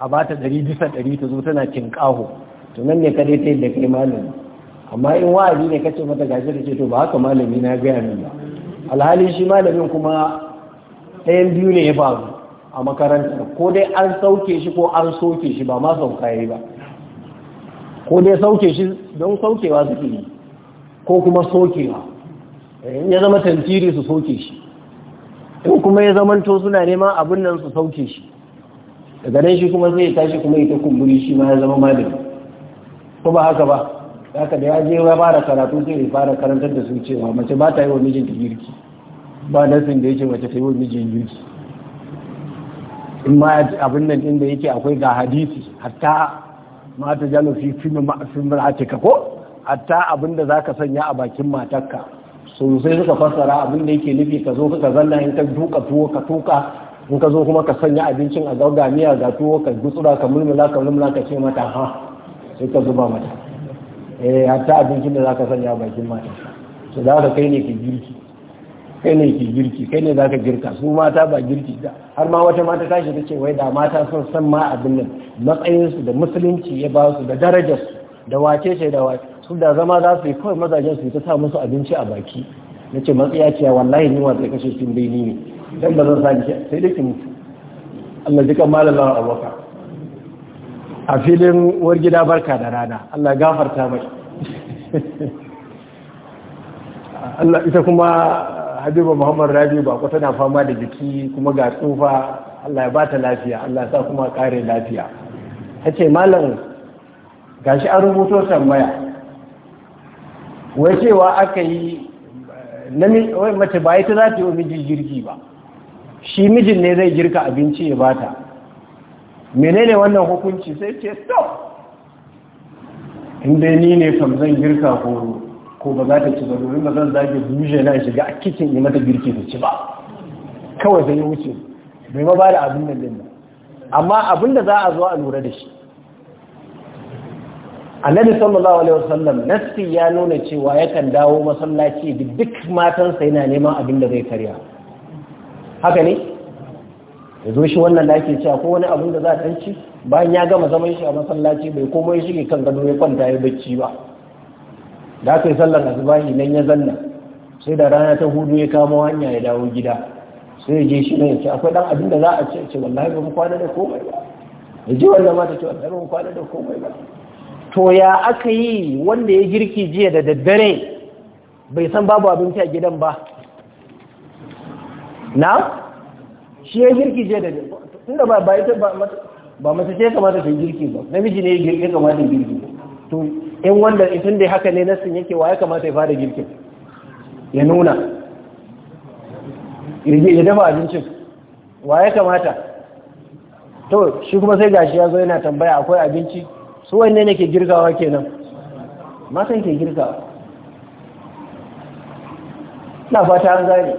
a bata ɗari bisa ɗari ta zo tana kaho to nan ne kadai ta yadda kai malami amma in wa'azi ne kace mata gashi da ce to ba haka malami na gaya min ba alhali shi malamin kuma ɗayan biyu ne ya faru a makaranta ko dai an sauke shi ko an soke shi ba ma sauka yi ba ko dai sauke shi don saukewa suke yi ko kuma sokewa Eh, in ya zama tantiri su sauke shi in kuma ya to suna neman abin nan su sauke shi daga nan shi kuma zai tashi kuma ita kumburi shi ma ya zama malami ko ba haka ba haka da ya je ya fara karatu sai ya fara karantar da su cewa mace ba ta yi wa mijinta girki ba nasin da yake mace ta yi wa mijin girki in ma abin nan inda yake akwai ga hadisi hatta ma ta jalo fi fi ma'afin mar'atika ko hatta abin da zaka sanya a bakin matarka sun sai suka fassara abin da yake nufi ka zo ka zanna in ka duka tuwo ka tuka in ka zo kuma ka sanya abincin a ga miya ga tuwo ka gutsura ka mulmula ka mulmula ka ce mata ha sai ka zuba mata eh hatta abincin da zaka sanya bakin mata to da ka kai ne ki girki kai ne ki girki kai ne zaka girka su mata ba girki da har ma wata mata ta shi tace wai da mata sun san ma abin nan matsayin su da musulunci ya ba su da darajar su da wace ce da wace su da zama za su yi kawai mazajen su ta sa musu abinci a baki na ce matsaya ce wallahi ni wa zai kashe sun bai ni ne dan ba zan sani sai dai ki mutu Allah jika malala abaka a filin war gida barka da rana Allah gafarta mai Allah ita kuma Habiba Muhammad Rabi ba ko tana fama da jiki kuma ga tsufa Allah ya bata lafiya Allah ya sa kuma kare lafiya Ta ce malam gashi an rubuto tambaya wai cewa aka yi mace ba ta za ta yi wa mijin girki ba shi mijin ne zai girka abinci ya bata menene wannan hukunci sai ce stop inda ni ne kam zan girka ko ko ba za ta ci ba domin ba zan zage buje na shiga a kicin yi mata girki da ci ba kawai zai wuce bai ma ba da abin da amma abin da za a zo a lura da shi annabi sallallahu alaihi wasallam nassi ya nuna cewa yakan dawo masallaci da duk matansa yana neman abin da zai karya haka ne ya zo shi wannan da ake cewa ko wani abin da za a ci bayan ya gama zaman shi a masallaci bai komai shi kan gado ya kwanta ya bacci ba da aka yi sallar asubahi nan ya zanna sai da rana ta hudu ya kama hanya ya dawo gida sai ya je shi ne ya ce akwai dan abin da za a ce wallahi ba mu kwana da komai ba ya ji wannan mata ce wallahi ba mu kwana da komai ba to ya aka yi wanda ya girki jiya da daddare bai san babu abinci a gidan ba na shi ya girki jiya da daddare inda ba ba ita ba mace ce kamata ta girki ba namiji ne ya girki kamata girki to in wanda isin da haka ne nasin yake wa ya kamata ya fara girkin ya nuna ya dafa abincin wa ya kamata to shi kuma sai gashi ya zo yana tambaya akwai abinci su wanne ne ke girgawa kenan matan ke girgawa na fata an gane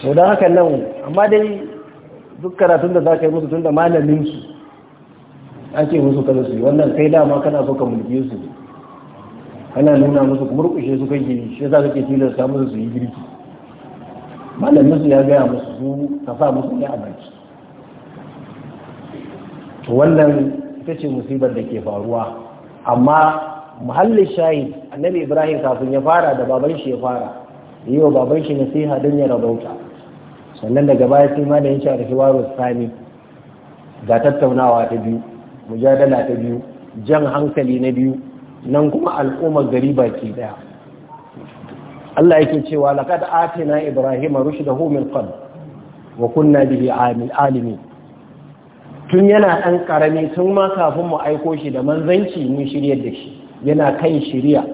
so don haka nan amma dai duk karatun da za ka yi musu tun da malamin su ake musu kada su yi wannan kai dama kana so ka mulki su kana nuna musu kuma rukushe su kai gini shi za ka ke tilasta musu su yi girki malamin su ya gaya musu su ka sa musu ne a baki to wannan ita ce musibar da ke faruwa amma muhallin shayi annabi ibrahim kafin ya fara da baban shi ya fara yi wa baban shi nasiha don ya rabauta sannan daga baya sai ma da yanci a waro sani ga tattaunawa ta biyu mujadala ta biyu jan hankali na biyu nan kuma al'ummar gari baki daya Allah yake cewa laqad atina ibrahima rushdahu min qabl wa kunna bihi alimin tun yana ɗan ƙarami tun ma kafin mu aiko shi da manzanci mun shirya da shi yana kan shirya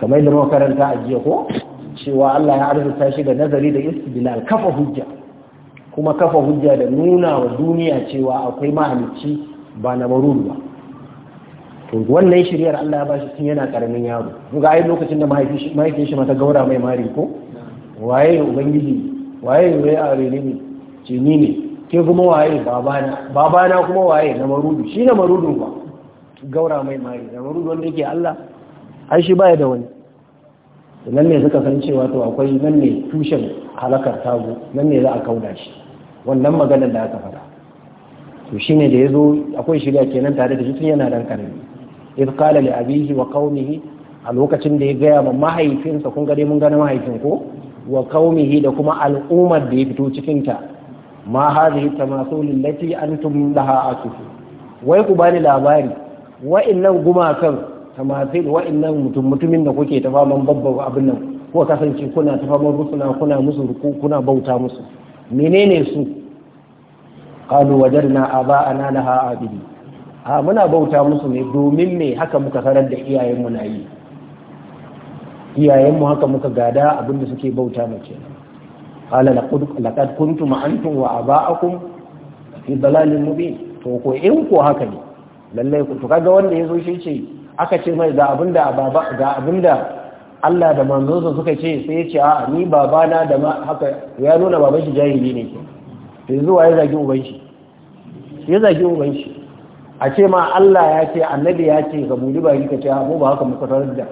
kamar da makaranta a jiya ko cewa Allah ya arzuta shi da nazari da istidlal kafa hujja kuma kafa hujja da nuna wa duniya cewa akwai mahalicci ba na maruru ba to wannan shiryar Allah ya bashi tun yana ƙaramin yaro mun ga ai lokacin da mahaifin shi mata gaura mai mari ko waye ubangiji waye waye a rene ne ce ni ne ke kuma waye babana babana kuma waye na marudu shi na marudu ba gaura mai mari na marudu wanda yake Allah ai shi baya da wani nan ne suka san cewa to akwai nan ne tushen halakar tago nan ne za a kauda shi wannan maganar da aka faɗa to shine da yazo akwai shirya kenan tare da shi tun yana dan karami idh qala li abihi wa qaumihi a lokacin da ya gaya ma mahaifinsa kun gare mun gane mahaifin ko wa qaumihi da kuma al'ummar da ya fito cikin ta ma hadhihi tamathul allati antum laha akifu wai ku bani labari wa'annan gumakan tamathil nan mutum mutumin da kuke ta faman babban abin nan ko kasance kuna ta faman rusuna kuna musu ruku kuna bauta musu menene su qalu wajadna aba'ana laha abidi a muna bauta musu ne domin me haka muka sanar da iyayenmu na yi iyayenmu haka muka gada abinda suke bauta mace. kenan قال لقد لقد كنتم انتم واباؤكم في ضلال مبين mubin to ko in ko haka ne lallai ku to kaga wanda yazo shi ce aka ce mai ga abinda baba ga abinda Allah da manzonsa suka ce sai ya ce a ni babana da ma haka ya nuna baban shi jahili ne ke to yanzu wa ya zagi uban shi ya zagi uban shi a ce ma Allah ya ce annabi ya ce ga muli ba ka ce mu ba haka muka tarar da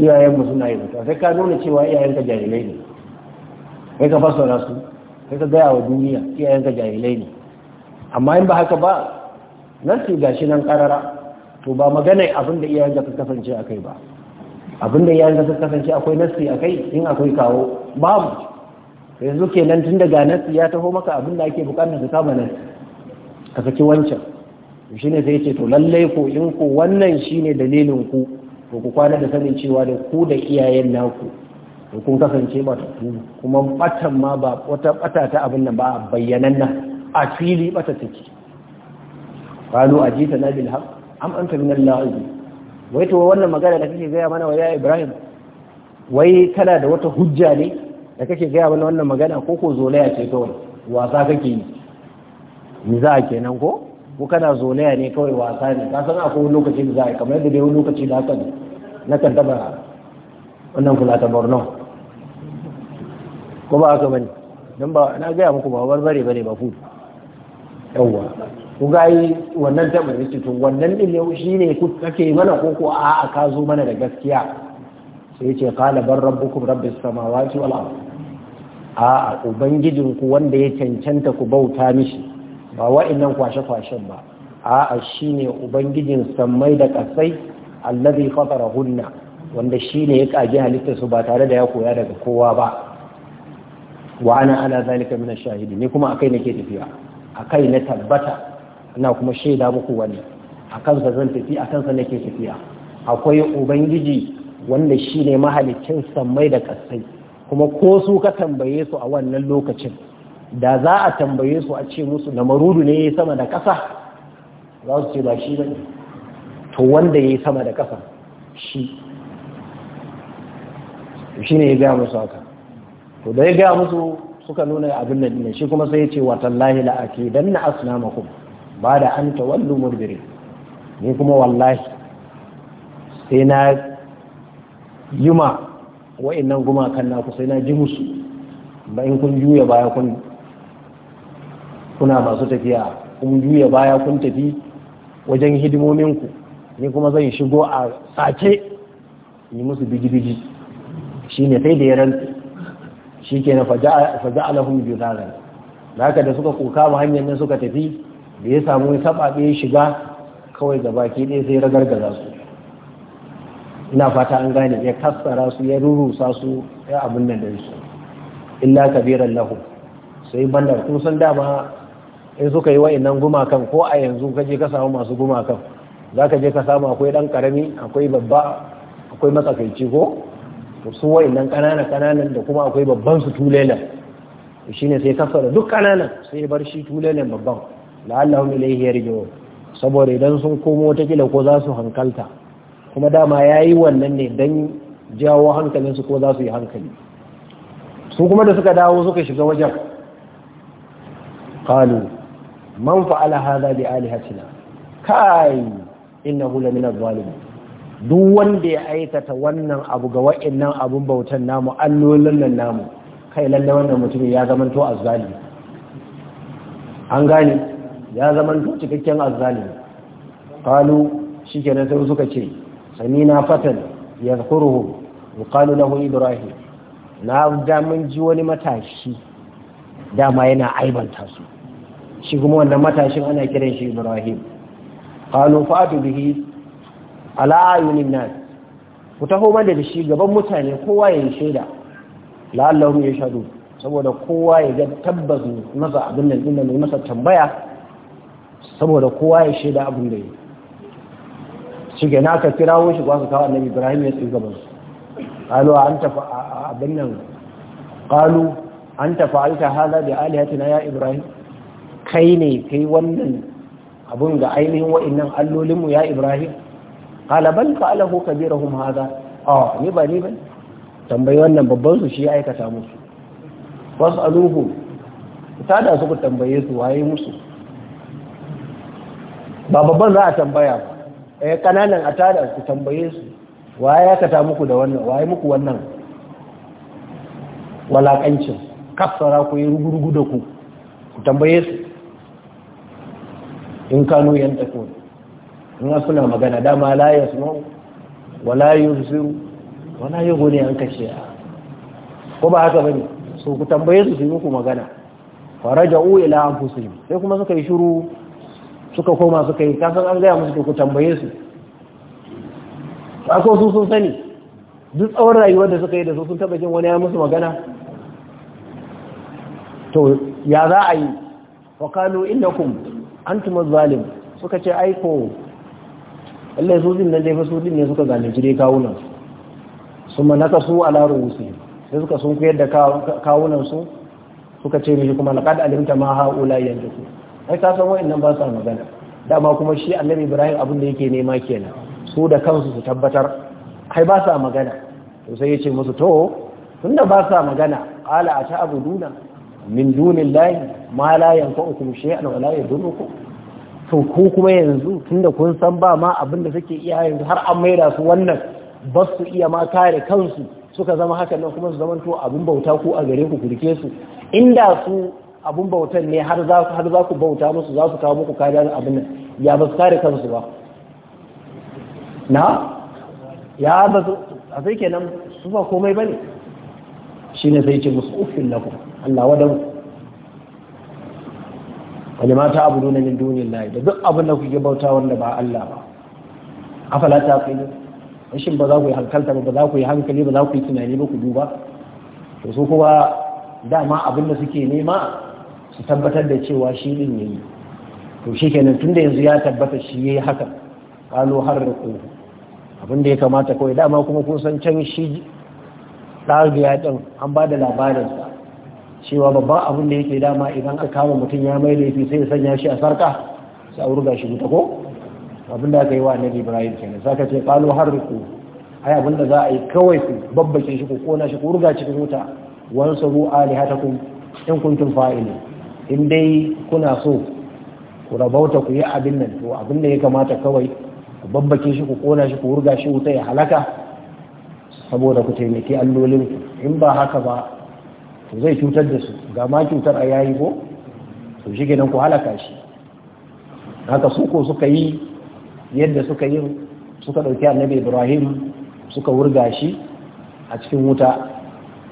iyayenmu suna yi zata sai ka nuna cewa iyayenka jahilai ne sai ka fassara su sai ka gaya wa duniya iyayenka jahilai ne amma in ba haka ba nan su gashi nan karara to ba magana abin da iyayenka ka kasance a kai ba abin da iyayenka ka kasance akwai nasu a kai in akwai kawo babu yanzu kenan tun daga nasu ya taho maka abin da ake bukatar su kama nan. ka saki wancan shi ne sai ce to lallai ko in ko wannan shi ne dalilin ku to ku kwana da sanin cewa da ku da iyayen naku to kun kasance ba ta kuma batan ma ba wata bata ta abin nan ba bayyanan nan a fili bata take qalu ajita na bil haqq am anta min al wai to wannan magana da kake gaya mana wa Ibrahim wai kana da wata hujja ne da kake gaya mana wannan magana ko ko zolaya ce kawai wasa kake yi ni za kenan ko ko kana zolaya ne kawai wasa ne ka san akwai lokaci da za a yi kamar yadda dai lokaci da aka na kan taba wannan kula ta borno ko ba aka bane don ba na gaya muku ba barbare bane ba ku. yawwa ku gayi yi wannan taba ne to wannan din ne shi ne ku kake mana ko ko a a ka zo mana da gaskiya sai yace qala bar rabbukum rabbis samawati wal ard a ubangijinku wanda ya cancanta ku bauta mishi ba wa'annan kwashe-kwashen ba a'a ne ubangijin sammai da kasai allazi hunna wanda shi ne ya kage halittar su ba tare da ya koya daga kowa ba wa ana ala zalika min shahidi ni kuma akai nake tafiya akai na tabbata ina kuma shaida muku wani akan sa zan tafi akan sa nake tafiya akwai ubangiji wanda shi ne mahaliccin sammai da kasai kuma ko su ka tambaye su a wannan lokacin da za a tambaye su a ce musu da marudu ne ya sama da ƙasa za su ce ba shi ba to wanda ya sama da ƙasa shi shi ne ya gaya musu haka to da ya gaya musu suka nuna abin da dina shi kuma sai ya ce wa tallahi la asina maku ba da an ta wallo murbiri ni kuma wallahi sai na yi ma yima wa'annan gumakan naku sai na ji musu ba in kun juya baya kun kuna masu tafiya kun juya baya kun tafi wajen hidimominku ni kuma zan shigo a sace yi musu bigi-bigi shi ne sai da yaran shi ke na faja alahun jiragen da haka da suka kuka ma hanyar nan suka tafi da ya samu ya shiga kawai da baki ɗaya sai ragargaza su ina fata an gane ya kassara su ya rurusa su ya abin nan da su illa kabiran lahu sai bandar kun san dama in suka yi wa'annan gumakan ko a yanzu ka je ka samu masu gumakan za ka je ka samu akwai ɗan ƙarami akwai babba akwai matsakaici ko to su wa'annan ƙananan ƙananan da kuma akwai babban su tulelan shi ne sai kasa da duk ƙananan sai bar shi tulelan babban la'allahum ilaihi yarji'un saboda idan sun komo ta kila ko za su hankalta kuma dama yi wannan ne dan jawo hankalinsu ko za su yi hankali su kuma da suka dawo suka shiga wajen قالوا man fa'ala hadha bi alihatina kai innahu la min adh duk wanda ya aikata wannan abu ga wa'annan abun bautan namu allolin nan namu kai lalle wannan mutumin ya zamanto azzalimi an gane ya zamanto cikakken shi qalu shikenan sai suka ce samina fatan yadhkuruhu na lahu ibrahim na da mun ji wani matashi dama yana aibanta su shi kuma wannan matashin ana kiran shi ibrahim qalu fa'tu bihi ala ayunin nas ku taho mana da shi gaban mutane kowa ya shaida la'allahum yashhadu saboda kowa ya ga tabbazu maza abin nan din mai masa tambaya saboda kowa ya shaida abin da yi shi ga naka kirawo shi kwa kawo annabi ibrahim ya tsaye gaban su abin nan qalu anta fa'alta فعلت bi alihatina ya Ibrahim? kai ne kai wannan abun ga ainihin wa'annan allolinmu ya ibrahim ƙalaban fa'alahu kabirahum haza a ah, ni ba ni ba tambayi wannan babban su shi ya aikata musu wasu aluhu ta da ku tambaye su waye musu ba babban za a tambaya ba ya eh, kananan a tada su tambaye su waye ya kata muku da wannan waye muku wannan walakancin kafsara ku yi rugurugu da ku ku tambaye su in kanu yan wani in suna magana dama la ya suno wala yusiru wala yughni an a ko ba haka bane so ku tambaye su su yi muku magana faraja'u ila anfusihim sai kuma suka yi shiru suka koma suka yi kasan an gaya musu ku tambaye su ko su sun sani duk tsawon rayuwar da suka yi da su sun taba jin wani ya musu magana to ya za a yi wa inda kuma antum zalim suka ce ai ko Allah su din nan dai fa su din ne suka zalunci dai kawunan su ma naka su ala ruusi sai suka sun koyar da kawunan su suka ce mishi kuma laqad alimta ma haula yanzu ai ka san wa'annan ba sa magana dama kuma shi annabi Ibrahim abin da yake nema kenan su da kansu su tabbatar ai ba sa magana to sai ya ce musu to tunda ba sa magana ala a ta abuduna min dunillahi ma la yanfa'ukum shay'an wa la yadurrukum to ko kuma yanzu tunda kun san ba ma abin da suke iya yanzu har an maida su wannan ba su iya ma kare kansu suka zama hakan nan kuma su zama to abin bauta ku a gare ku kurke su inda su abin bautan ne har za har za ku bauta musu za su kawo muku kariya abin nan ya ba su kare kansu ba na ya ba su a sai kenan su ba komai bane shine sai ce musu ufin lakum Allah wadan wani mata abu nuna min duniyar layi da duk abin da kuke bauta wanda ba Allah ba falata ku yi rashin ba za ku yi hankalta ba za ku yi hankali ba za ku yi tunani ba ku duba to su kuma dama abin da suke nema su tabbatar da cewa shi din yi to shi kenan tunda yanzu ya tabbata shi yi haka da harqu abin da ya kamata kawai dama kuma kun san can shi da ɗin an ba da labarinsa cewa babban abin da yake dama idan aka kama mutum ya mai laifi sai ya sanya shi a sarka sai a wurga shi wuta ko abin da aka yi wa annabi ibrahim kenan ka ce qalu harriqu ai abin da za a yi kawai ku babbace shi ku kona shi ku wurga cikin wuta sabu alihatakum in kuntum fa'ili in dai kuna so ku rabauta ku yi abin nan to abin da ya kamata kawai ku babbace shi ku kona shi ku wurga shi wuta ya halaka saboda ku taimaki allolin in ba haka ba to zai cutar da su ga ma cutar a yayi ko to shi nan ku halaka shi haka su ko suka yi yadda suka yi suka ɗauki annabi ibrahim suka wurga shi a cikin wuta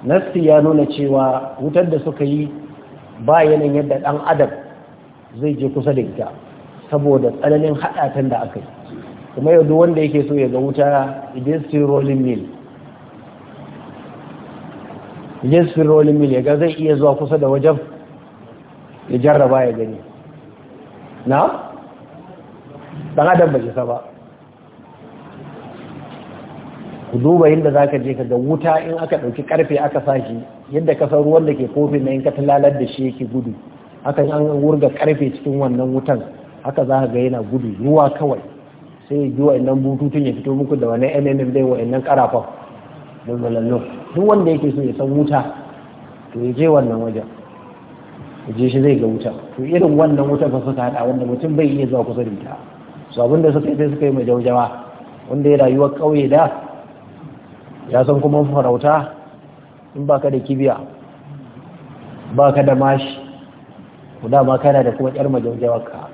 nasti ya nuna cewa wutar da suka yi ba yanin yadda dan adam zai je kusa da ita saboda tsananin hadatan da aka yi kuma yau duk wanda yake so ya ga wuta idan rolling mil. yasfir rolin mil ya ga zai iya zuwa kusa da wajen ya jarraba ya gani na dan adam ba jisa ba ku duba yadda za ka je ka ga wuta in aka ɗauki ƙarfe aka sashi yadda ka san ruwan da ke kofi na yanka ta lalar da shi yake gudu yi an wurga ƙarfe cikin wannan wutan aka za ka ga yana gudu ruwa kawai sai ya wa'annan bututun ya fito muku da wani mmm dai wa'annan ƙarafan mulmulallu duk wanda yake so ya san wuta to ya je wannan wajen ya je shi zai ga wuta to irin wannan wuta ba suka hada wanda mutum bai iya zuwa kusa da ita su da suka yi sai suka yi mai jaujawa wanda ya rayuwar ƙauye da ya san kuma farauta in baka da kibiya baka da mashi ku dama kana da kuma ƴar ka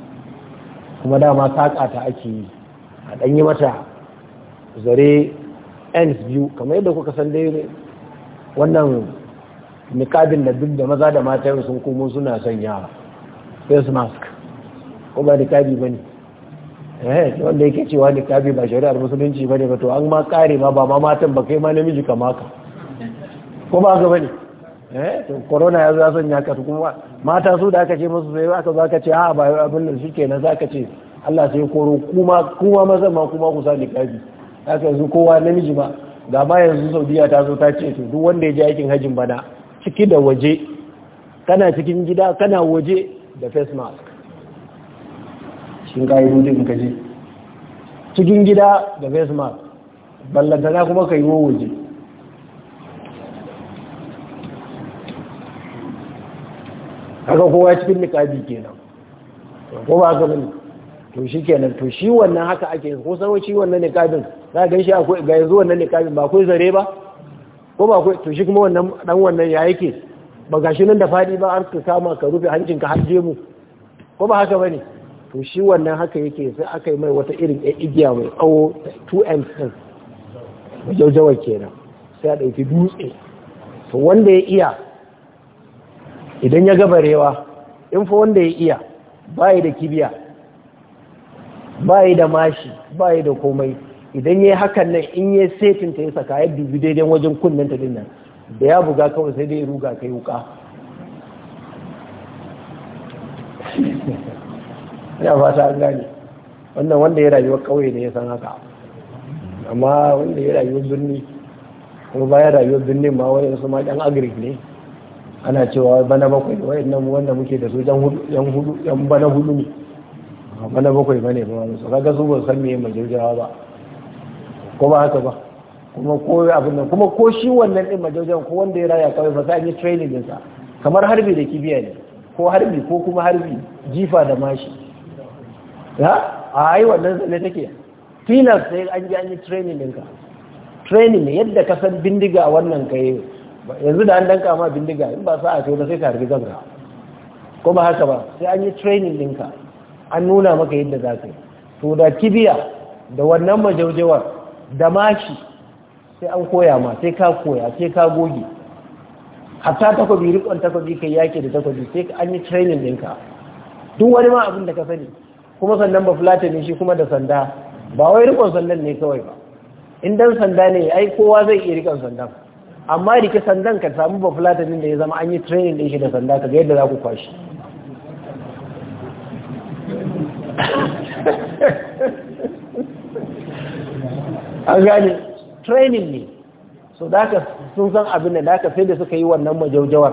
kuma dama saƙa ta ake yi a ɗanyi mata zare ends biyu kamar yadda kuka san dai wannan nikabin da duk da maza da mata yau sun komo suna sanya face mask ko ba nikabi ba ne eh wanda yake cewa nikabi ba shari'ar musulunci ba ne ba to an ma kare ma ba ma matan ba kai ma namiji ka maka ko ba ga ba ne eh to corona ya zo ya sanya ka kuma mata su da aka ce musu sai aka zo aka ce a ba abin nan shi kenan za ka ce Allah sai koro kuma kuma maza ma kuma ku sa nikabi aka yanzu kowa namiji ba ga ma yanzu saudiya ta zo ta ce to duk wanda ya je aikin hajjin bana ciki da waje kana cikin gida kana waje da face mask shin ka yi rudin ka je cikin gida da face mask ballantana kuma ka yi waje haka kowa cikin nikabi kenan ko ba ka bane to shi kenan to shi wannan haka ake ko sawo shi wannan nikabin za a ganshi akwai ga yanzu wannan likafin ba akwai zare ba ko ba kun to shi kuma wannan dan wannan ya yake ba gashi nan da fadi ba har ka kama ka rufe hancinka har jemu ko ba haka bane to shi wannan haka yake sai aka yi mai wata irin igiya mai tsawo 2m din jaujawa kenan sai a ɗauki dutse to wanda ya iya idan ya gabarewa in fa wanda ya iya bayi da kibiya bayi da mashi bayi da komai idan ya yi hakan nan in ya setin ta ya saka ya dubi daidai wajen kunnen ta dinnan da ya buga kawai sai dai ruga kai wuka ina fata an gane wannan wanda ya rayuwar kauye ne ya san haka amma wanda ya rayuwar birni kuma bayan rayuwar birnin ma wani su ma dan agric ne ana cewa bana bakwai nan wanda muke da su yan hudu yan bana hudu ne bana bakwai bane ba su kaga su ba san me majaljawa ba ko ba haka ba kuma ko abin nan kuma ko shi wannan din majojan ko wanda ya raya kawai fa sai an yi training din sa kamar harbi da kibiya ne ko harbi ko kuma harbi jifa da mashi ya a ai wannan ne take tilas sai an ji an yi training din ka training ne yadda ka san bindiga wannan kai yanzu da an danka ma bindiga in ba sa a ce sai ka harbi zabra ko ba haka ba sai an yi training din ka an nuna maka yadda za ka yi to da kibiya da wannan majaujawar da mashi sai an koya ma sai ka koya sai ka goge hatta takobi rikon takobi kai yake da takobi sai an yi training ɗinka duk wani ma abin da ka sani kuma sannan ba ne shi kuma da sanda ba wai rikon sandan ne kawai ba in dan sanda ne ai kowa zai iya rikon sandan amma rike sandan ka samu ba fulatanin da ya zama an yi training ɗin shi da sanda ka ga yadda za ku kwashi an gane training ne so da sun san abin da da ka sai da suka yi wannan majaujawar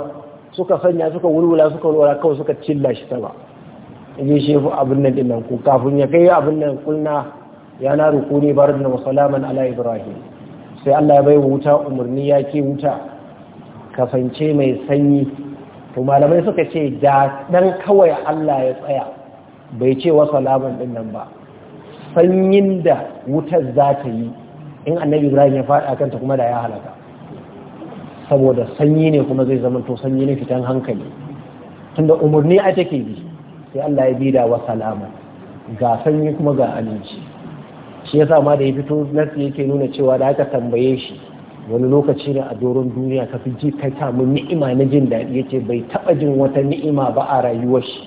suka sanya suka wulwula suka wulwula kawai suka cilla shi sama je fi abin nan din nan ko kafin ya kai abin nan kulna ya na ruku ne bar da musalaman ala ibrahim sai Allah ya bai wuta umarni ya ke wuta Kasance mai sanyi to malamai suka ce da dan kawai Allah ya tsaya bai ce wa salaman din ba sanyin da wutar za ta yi in annabi ibrahim ya faɗa kanta kuma da ya halaka saboda sanyi ne kuma zai zama to sanyi ne fitan hankali tunda umarni a take bi sai Allah ya bi da wa salama ga sanyi kuma ga aminci shi yasa ma da ya fito nasi yake nuna cewa da aka tambaye shi wani lokaci ne a doron duniya ka fi ji ta mun ni'ima na jin daɗi yace bai taɓa jin wata ni'ima ba a rayuwar shi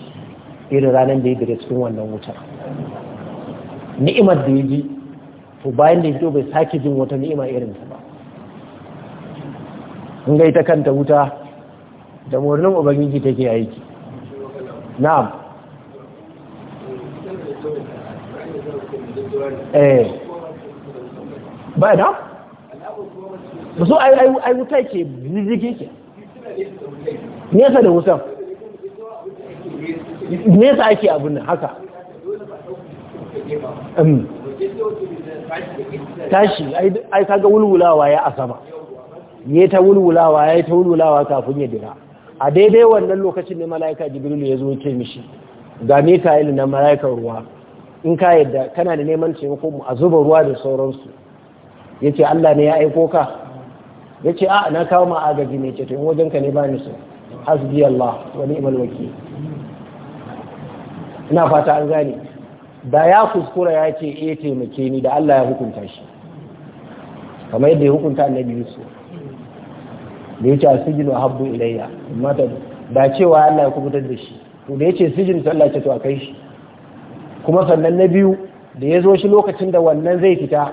irin ranar da ya cikin wannan wutar ni'imar da ya ji to bayan da fito bai sake jin wata ni'ima irin ba in ga ita kanta wuta da murnin ubangiji take aiki na'am eh ba da so ai ai ai wuta ke zizige ke nesa da wutan nesa ake abin haka hmm. tashi ai kaga wulwulawa ya a sama ya ta wulwulawa ya ta wulwulawa kafin ya dira a daidai wannan lokacin ne mala'ika jibrilu ya zo ke mishi ga mika'il na mala'ikar ruwa in ka yadda kana da neman taimako mu a zuba ruwa da sauransu ya ce Allah ne ya aiko ka yace a na kawo ma agaji ne ce to wajen ka ne ba ni so hasbi Allah wa ina fata an gane da ya kuskura ya ce eh taimake ni da Allah ya hukunta shi kamar yadda ya hukunta annabi Yusuf da yace asijinu habbu ilayya amma da cewa Allah ya kubutar da shi to da yace sijin to Allah ya ce to akai shi kuma sannan na biyu da ya zo shi lokacin da wannan zai fita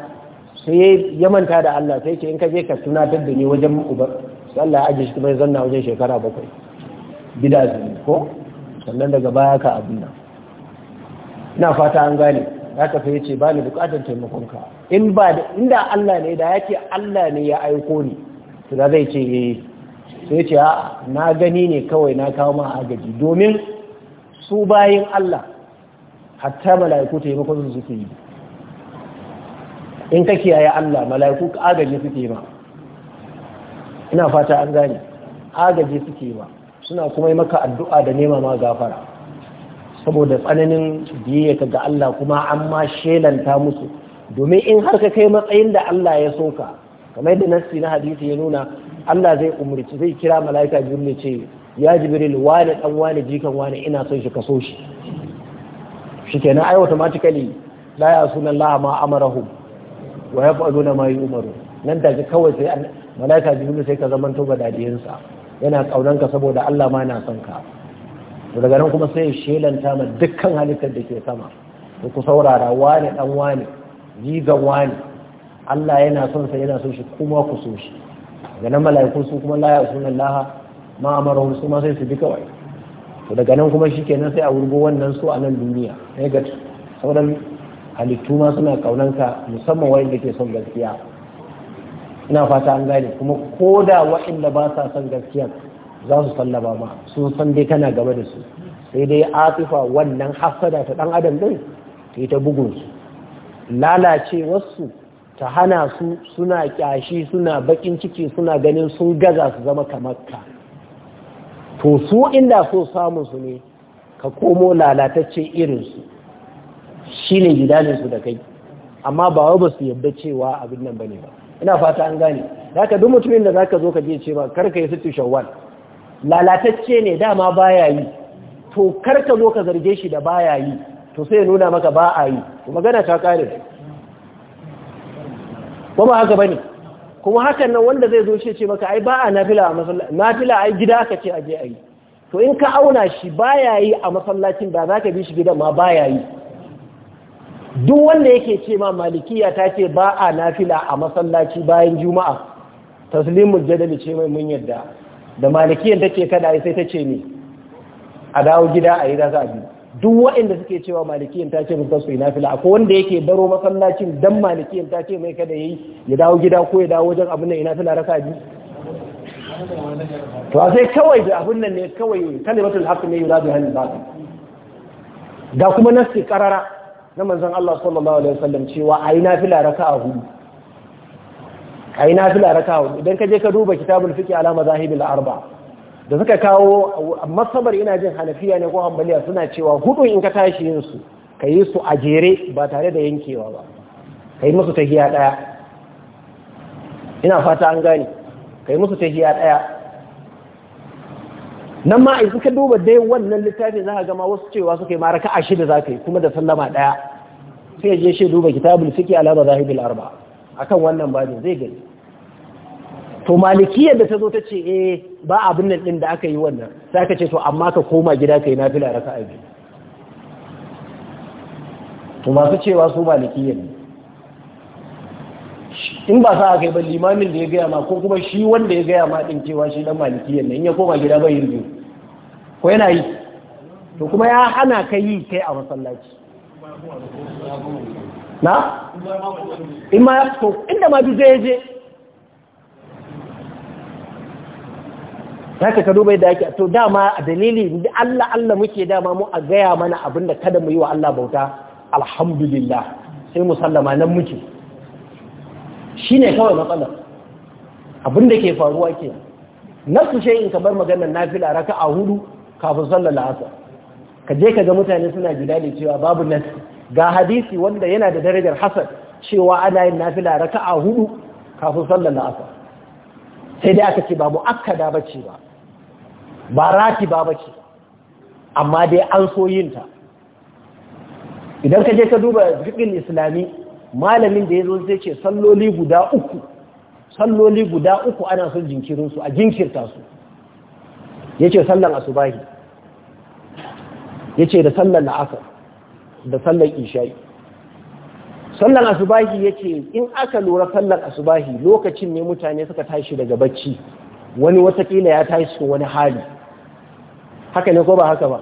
sai ya manta da Allah sai ce in ka je ka tunatar da ni wajen uba sai Allah ya ajiye shi kuma ya zanna wajen shekara bakwai gidaje ko sannan daga baya ka abin nan na fata an gane ya ce ba ni bukatar taimakonka in ba inda Allah ne da yake Allah ne ya aiko ni to da zai ce yi eh. sai yace a na gani ne kawai na kawo ma agaji domin su bayin Allah hatta mala'iku taimakon su suke yi in ka kiyaye Allah mala'iku agaji suke ma ina fata an gane agaji suke ma suna kuma yi maka addu'a da nema ma gafara saboda tsananin biyayaka ga Allah kuma an ma shelanta musu domin in har ka kai matsayin da Allah ya soka kamar yadda nassi na hadisi ya nuna Allah zai umarci zai kira mala'ika jibril ce ya jibril wani dan wani jikan wani ina son shi kaso shi shikenan ai automatically la ya sunan Allah ma amarahum wa yaf'aluna ma yu'maru nan take kawai sai mala'ika jibril sai ka zamanto ga dadiyansa yana kaunanka saboda Allah ma yana son ka daga nan kuma sai ya shelanta ma dukkan halittar da ke sama da ku saurara wane dan wani jigan wane Allah yana son sa yana son shi kuma ku so shi daga nan mala'iku su kuma la ya'sunan laha ma amaru su ma sai su bi kawai to daga nan kuma shikenan sai a wurgo wannan su a nan duniya sai ga sauran halittu ma suna kaunanka musamman wanda ke son gaskiya ina fata an gane kuma ko da waɗanda ba sa son gaskiya za su sallaba ba sun san dai kana game da su sai dai atifa wannan hasada ta dan adam din ta ta bugun su lalace wasu ta hana su suna kyashi suna bakin ciki suna ganin sun gaza su zama kamar ka to su inda so samun su ne ka komo lalatacce irinsu shi ne gidaninsu da kai amma ba wa ba su yadda cewa abin nan ba ne ba ina fata an gane za ka duk mutumin da za ka zo ka je cewa ba karka yi sittu shawwal lalatacce ne dama baya yi to kar ka zo ka zarge shi da baya yi to sai nuna maka ba a yi magana ta kare haka ba haka bane kuma hakan nan wanda zai zo shi ce maka ai ba a nafila a masallaci nafila ai gida aka ce aje to in ka auna shi baya yi a masallacin da ka bi shi gidan ma baya yi duk wanda yake ce ma malikiya ta ce ba a nafila a masallaci bayan juma'a taslimul jadali ce mai mun yadda da malikiyan take kada sai ta ce ne a dawo gida a yi a bi. duk waɗanda suke cewa malikiyar ta ce rubba su yi nafila akwai wanda yake baro masallacin dan malikiyar ta ce mai kada yi ya dawo gida ko ya dawo wajen abin nan ina fila raka bi? to a sai kawai da abin nan ne kawai kalimatul haqq ne yi hannun baka. Da kuma nasi karara na manzon Allah sallallahu alaihi wasallam cewa ayi nafila a hudu kai nafila raka hudu idan ka je ka duba kitabun fiki alama zahibin arba da suka kawo masamar ina jin hanafiya ne ko hambaliya suna cewa hudu in ka tashi yin su ka yi su a jere ba tare da yankewa ba ka yi musu ta tahiya daya ina fata an gane ka yi musu ta tahiya daya nan ma in suka duba dai wannan littafin za ka gama wasu cewa suka yi maraka raka'a za ka yi kuma da sallama daya sai je shi duba kitabul fiki alama zahibin arba akan wannan bajin zai gani to malikiya da ta zo ta ce eh ba abin nan din da aka yi wannan sai ka ce to amma ka koma gida kai nafila raka biyu to masu cewa su malikiya ne in ba sa aka yi ba limamin da ya gaya ma ko kuma shi wanda ya gaya ma din cewa shi dan malikiya ne in ya koma gida bai yin biyu ko yana yi to kuma ya hana ka yi kai a masallaci na? in ma ya fito inda ma duk zai je ya ka bai da ake to dama a dalili Allah Allah muke dama mu a gaya mana abinda kada mu yi wa Allah bauta alhamdulillah sai mu sallama nan muke Shi ne kawai matsalar abinda ke faruwa ke nasu shi in ka bar maganar nafila a hudu kafin sallar la'asa ka je ka ga mutane suna jidali cewa babu nasu ga hadisi wanda yana da darajar hasan cewa ana yin nafila raka'a hudu kafin sallar la'asar sai dai aka ce ba mu mu'akkada bace ba ba rati ba bace amma dai an so yin ta idan ka je ka duba jirgin islami malamin da ya yazo zai ce salloli guda uku salloli guda uku ana son jinkirinsu a jinkirta su Ya ce sallan asubahi Ya ce da sallan la'asar da sallar isha'i sallar asubahi yake in aka lura sallar asubahi lokacin ne mutane suka tashi daga bacci wani watakila ya tashi cikin wani hali haka ne ko ba haka ba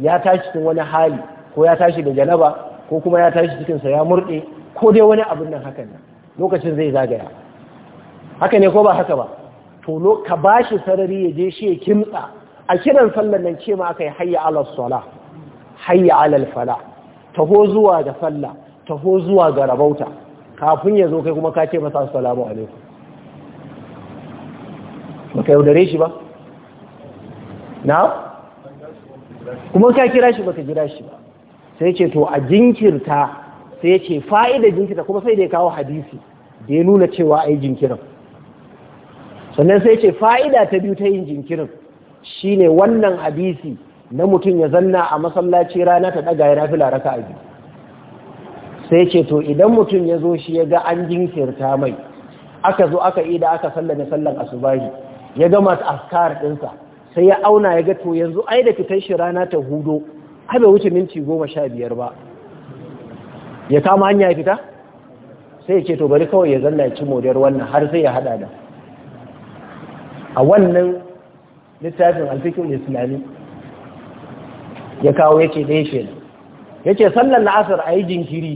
ya tashi cikin wani hali ko ya tashi da janaba ko kuma ya tashi cikinsa ya murɗe ko dai wani abin nan hakan nan lokacin zai zagaya haka ne ko ba haka ba to ka bashi sarari ya je shi ya kimtsa a kiran sallar nan ce ma aka yi hayya ala sala hayya ala fala taho zuwa da sallah taho zuwa ga rabauta kafin ya zo kai kuma ka ce masa assalamu alaikum baka yaudare shi ba na kuma ka kira shi baka jira shi ba sai ce to a jinkirta sai ce fa'ida jinkirta kuma sai da ya kawo hadisi da ya nuna cewa a yi jinkirin sannan sai ce fa'ida ta biyu ta yin jinkirin shi ne wannan hadisi na mutum ya zanna a masallaci rana ta daga ya rafi laraka a biyu sai ce to idan mutum ya zo shi ya ga an jinkirta mai aka zo aka ida aka sallame sallan asubahi ya ga masu askar ɗinsa sai ya auna ya ga to yanzu ai da fitar shi rana ta hudu ai wuce minti goma sha biyar ba ya kama hanya ya fita sai ya ce to bari kawai ya zanna ya ci moriyar wannan har sai ya haɗa da a wannan littafin alfikin islami ya kawo yace dai kenan yace sallar la'asar a yi jinkiri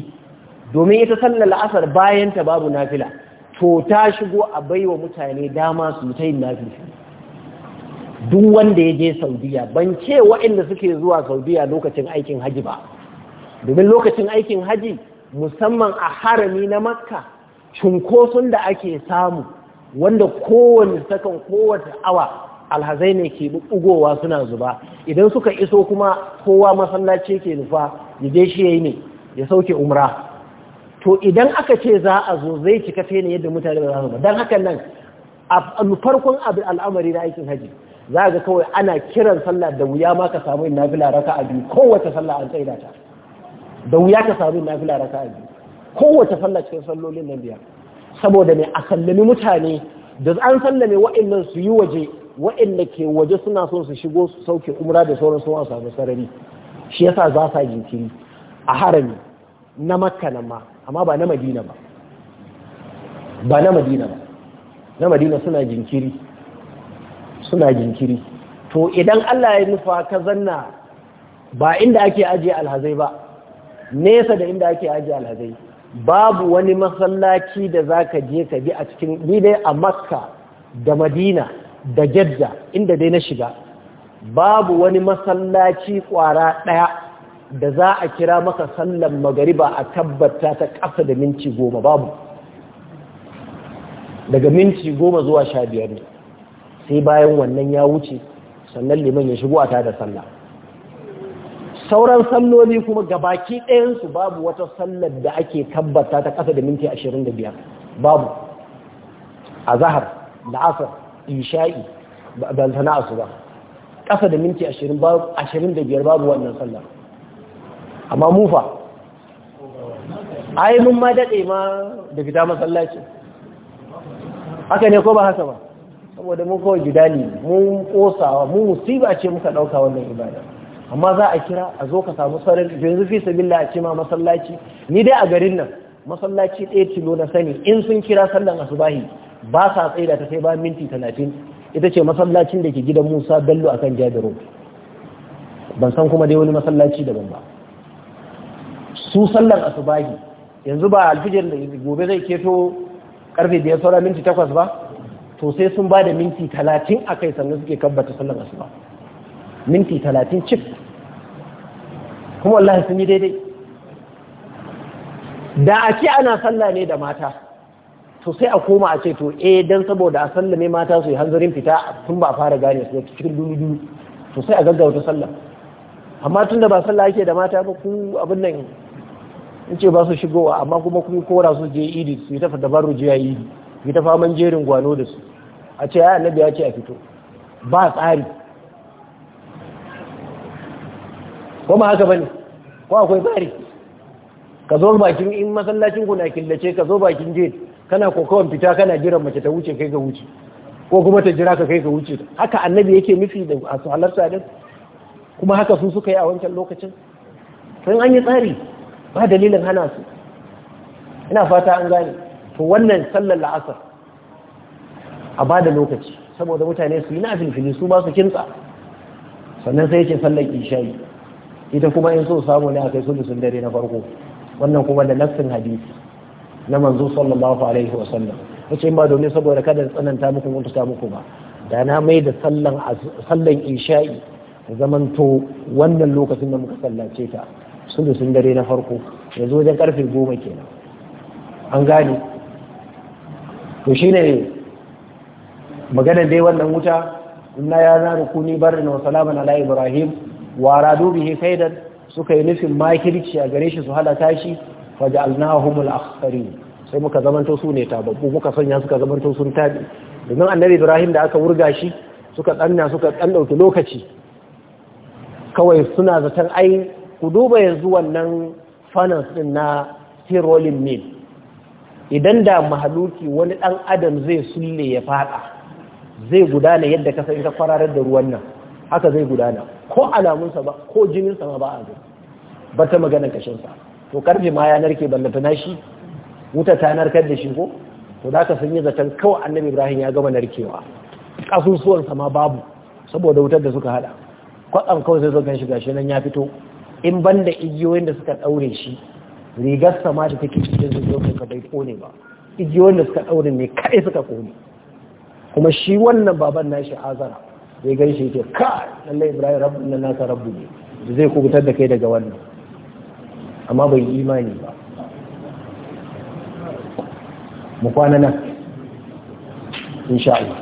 domin ita sallar la'asar bayan ta babu nafila to ta shigo a baiwa mutane dama su ta yin nafila duk wanda ya je Saudiya ban ce waɗanda suke zuwa Saudiya lokacin aikin haji ba domin lokacin aikin haji musamman a harami na Makka cunkoson da ake samu wanda kowane sakan kowace awa alhazai ne ke bugowa suna zuba idan suka iso kuma kowa masallaci ke nufa ya je shi yi ne ya sauke umra to idan aka ce za a zo zai cika ne yadda mutane ba za su ba dan hakan nan a farkon abin al'amari na aikin haji za ga kawai ana kiran sallah da wuya ma ka samu nafila raka a biyu kowace sallah an tsaida ta da wuya ka samu nafila raka a biyu kowace sallah cikin sallolin nan biyar saboda mai a sallami mutane da an sallame wa'annan su yi waje waɗanda ke waje suna son su shigo su sauke umra da sauran sun samu sarari shi yasa za sa jinkiri a harami na makka nan ma amma ba na madina ba ba na madina ba na madina suna jinkiri suna jinkiri to idan Allah ya nufa ka zanna ba inda ake ajiye alhazai ba nesa da inda ake ajiye alhazai babu wani masallaci da za ka je ka bi a cikin ni dai a makka da madina da jadda inda dai na shiga babu wani masallaci kwara ɗaya da za a kira maka sallan magariba a tabbata ta ƙasa da minti goma babu daga minti goma zuwa sha biyar ne sai bayan wannan ya wuce sannan liman ya shigo a da sallah sauran salloli kuma gabaki ɗayansu babu wata sallar da ake tabbata ta ƙasa da minti ashirin biyar babu a zahar da asar isha'i ban a su ba ƙasa da minti ashirin da biyar babu wannan sallah amma mufa ayi mun ma daɗe ma da fita masallaci haka ne ko ba haka ba saboda mun kawai gida ne mun ƙosawa mun musiba ce muka ɗauka wannan ibada amma za a kira a zo ka samu sarari yanzu fi sabilla a ce ma masallaci ni dai a garin nan masallaci ɗaya tilo na sani in sun kira sallan asubahi ba sa tsaida ta sai ba minti talatin ita ce masallacin da ke gidan musa bello akan jadiro ban san kuma dai wani masallaci daban ba su sallar asubahi yanzu ba alfijir da gobe zai keto karfe biyar saura minti takwas ba to sai sun ba da minti talatin a kai sannan suke kabbata sallar asuba minti talatin cif kuma wallahi sun yi daidai da a ana sallah ne da mata so sai a koma a ce to eh dan saboda a sallame mata su yi hanzarin fita tun ba fara gane su cikin dubu to sai a gaggauta sallah amma tun da ba sallah yake da mata ba ku abin nan in ce ba su shigowa amma kuma kun kora su je idi su yi ta dabaru jiya idi su yi ta faman jerin gwano da su a ce ya annabi ya ce a fito ba tsari kuma haka bane ko akwai tsari ka zo bakin in masallacin ku na killace ka zo bakin gate kana kokawan fita kana jiran mace ta wuce kai ga wuce ko kuma ta jira ka kai ga wuce haka annabi yake nufi da su halarta din kuma haka su suka yi a wancan lokacin sun an yi tsari ba dalilin hana su ina fata an gane to wannan sallar la'asar a ba da lokaci saboda mutane su yi na filfili su ba su kintsa sannan sai yake sallar kishayi. ita kuma in so samu ne a kai sun dare na farko wannan kuma da nassin hadisi na manzo sallallahu alaihi wa sallam yace ba domin saboda kada tsananta muku mun ta muku ba da na mai da sallan isha'i isha'i zamanto wannan lokacin da muka sallace ta sun dare na farko yanzu wajen karfe goma kenan an gane to shine magana dai wannan wuta inna ya na rukuni barin na salaman ala ibrahim wa radu bihi kaidan suka yi nufin makirci a gare shi su halata shi faj'alnahumul akhirin sai muka zamanta su ne tababbu muka sanya suka zamanta sun tabi domin annabi Ibrahim da aka wurga shi suka danna suka dan dauki lokaci kawai suna zaton ai ku duba yanzu wannan finance din na Tirolin Mill idan da mahaluki wani dan adam zai sulle ya fada zai gudana yadda ka in ka kwararar da ruwan nan haka zai gudana ko alamunsa ba ko jininsa ma ba a zai bata maganar kashinsa to karfe ma ya narke ballata na shi wuta ta narkar da shi ko to da ka sun yi zaton kawai annabi ibrahim ya gama narkewa kasusuwansa sama babu saboda wutar da suka hada kwatsam kawai sai zogan shiga shi nan ya fito in ban da igiyoyin da suka daure shi rigar sama da take cikin zuciyar ka bai kone ba igiyoyin da suka daure ne kai suka kone kuma shi wannan baban nashi azara zai gan shi ke ka lallai ibrahim rabbun na nasa rabbu ne zai kubutar da kai daga wannan amma bai yi imani ba mu kwana nan insha Allah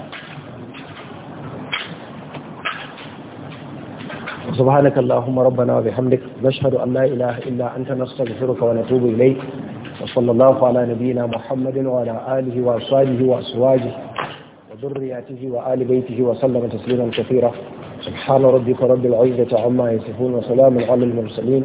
subhanaka allahumma rabbana wa bihamdika nashhadu an la ilaha illa anta nastaghfiruka wa natubu ilayk wa sallallahu ala nabiyyina muhammadin wa ala alihi wa ashabihi wa aswaji wa dhurriyyatihi wa ali wa sallama tasliman kathira سبحان ربك رب العزة عما يصفون وسلام على المرسلين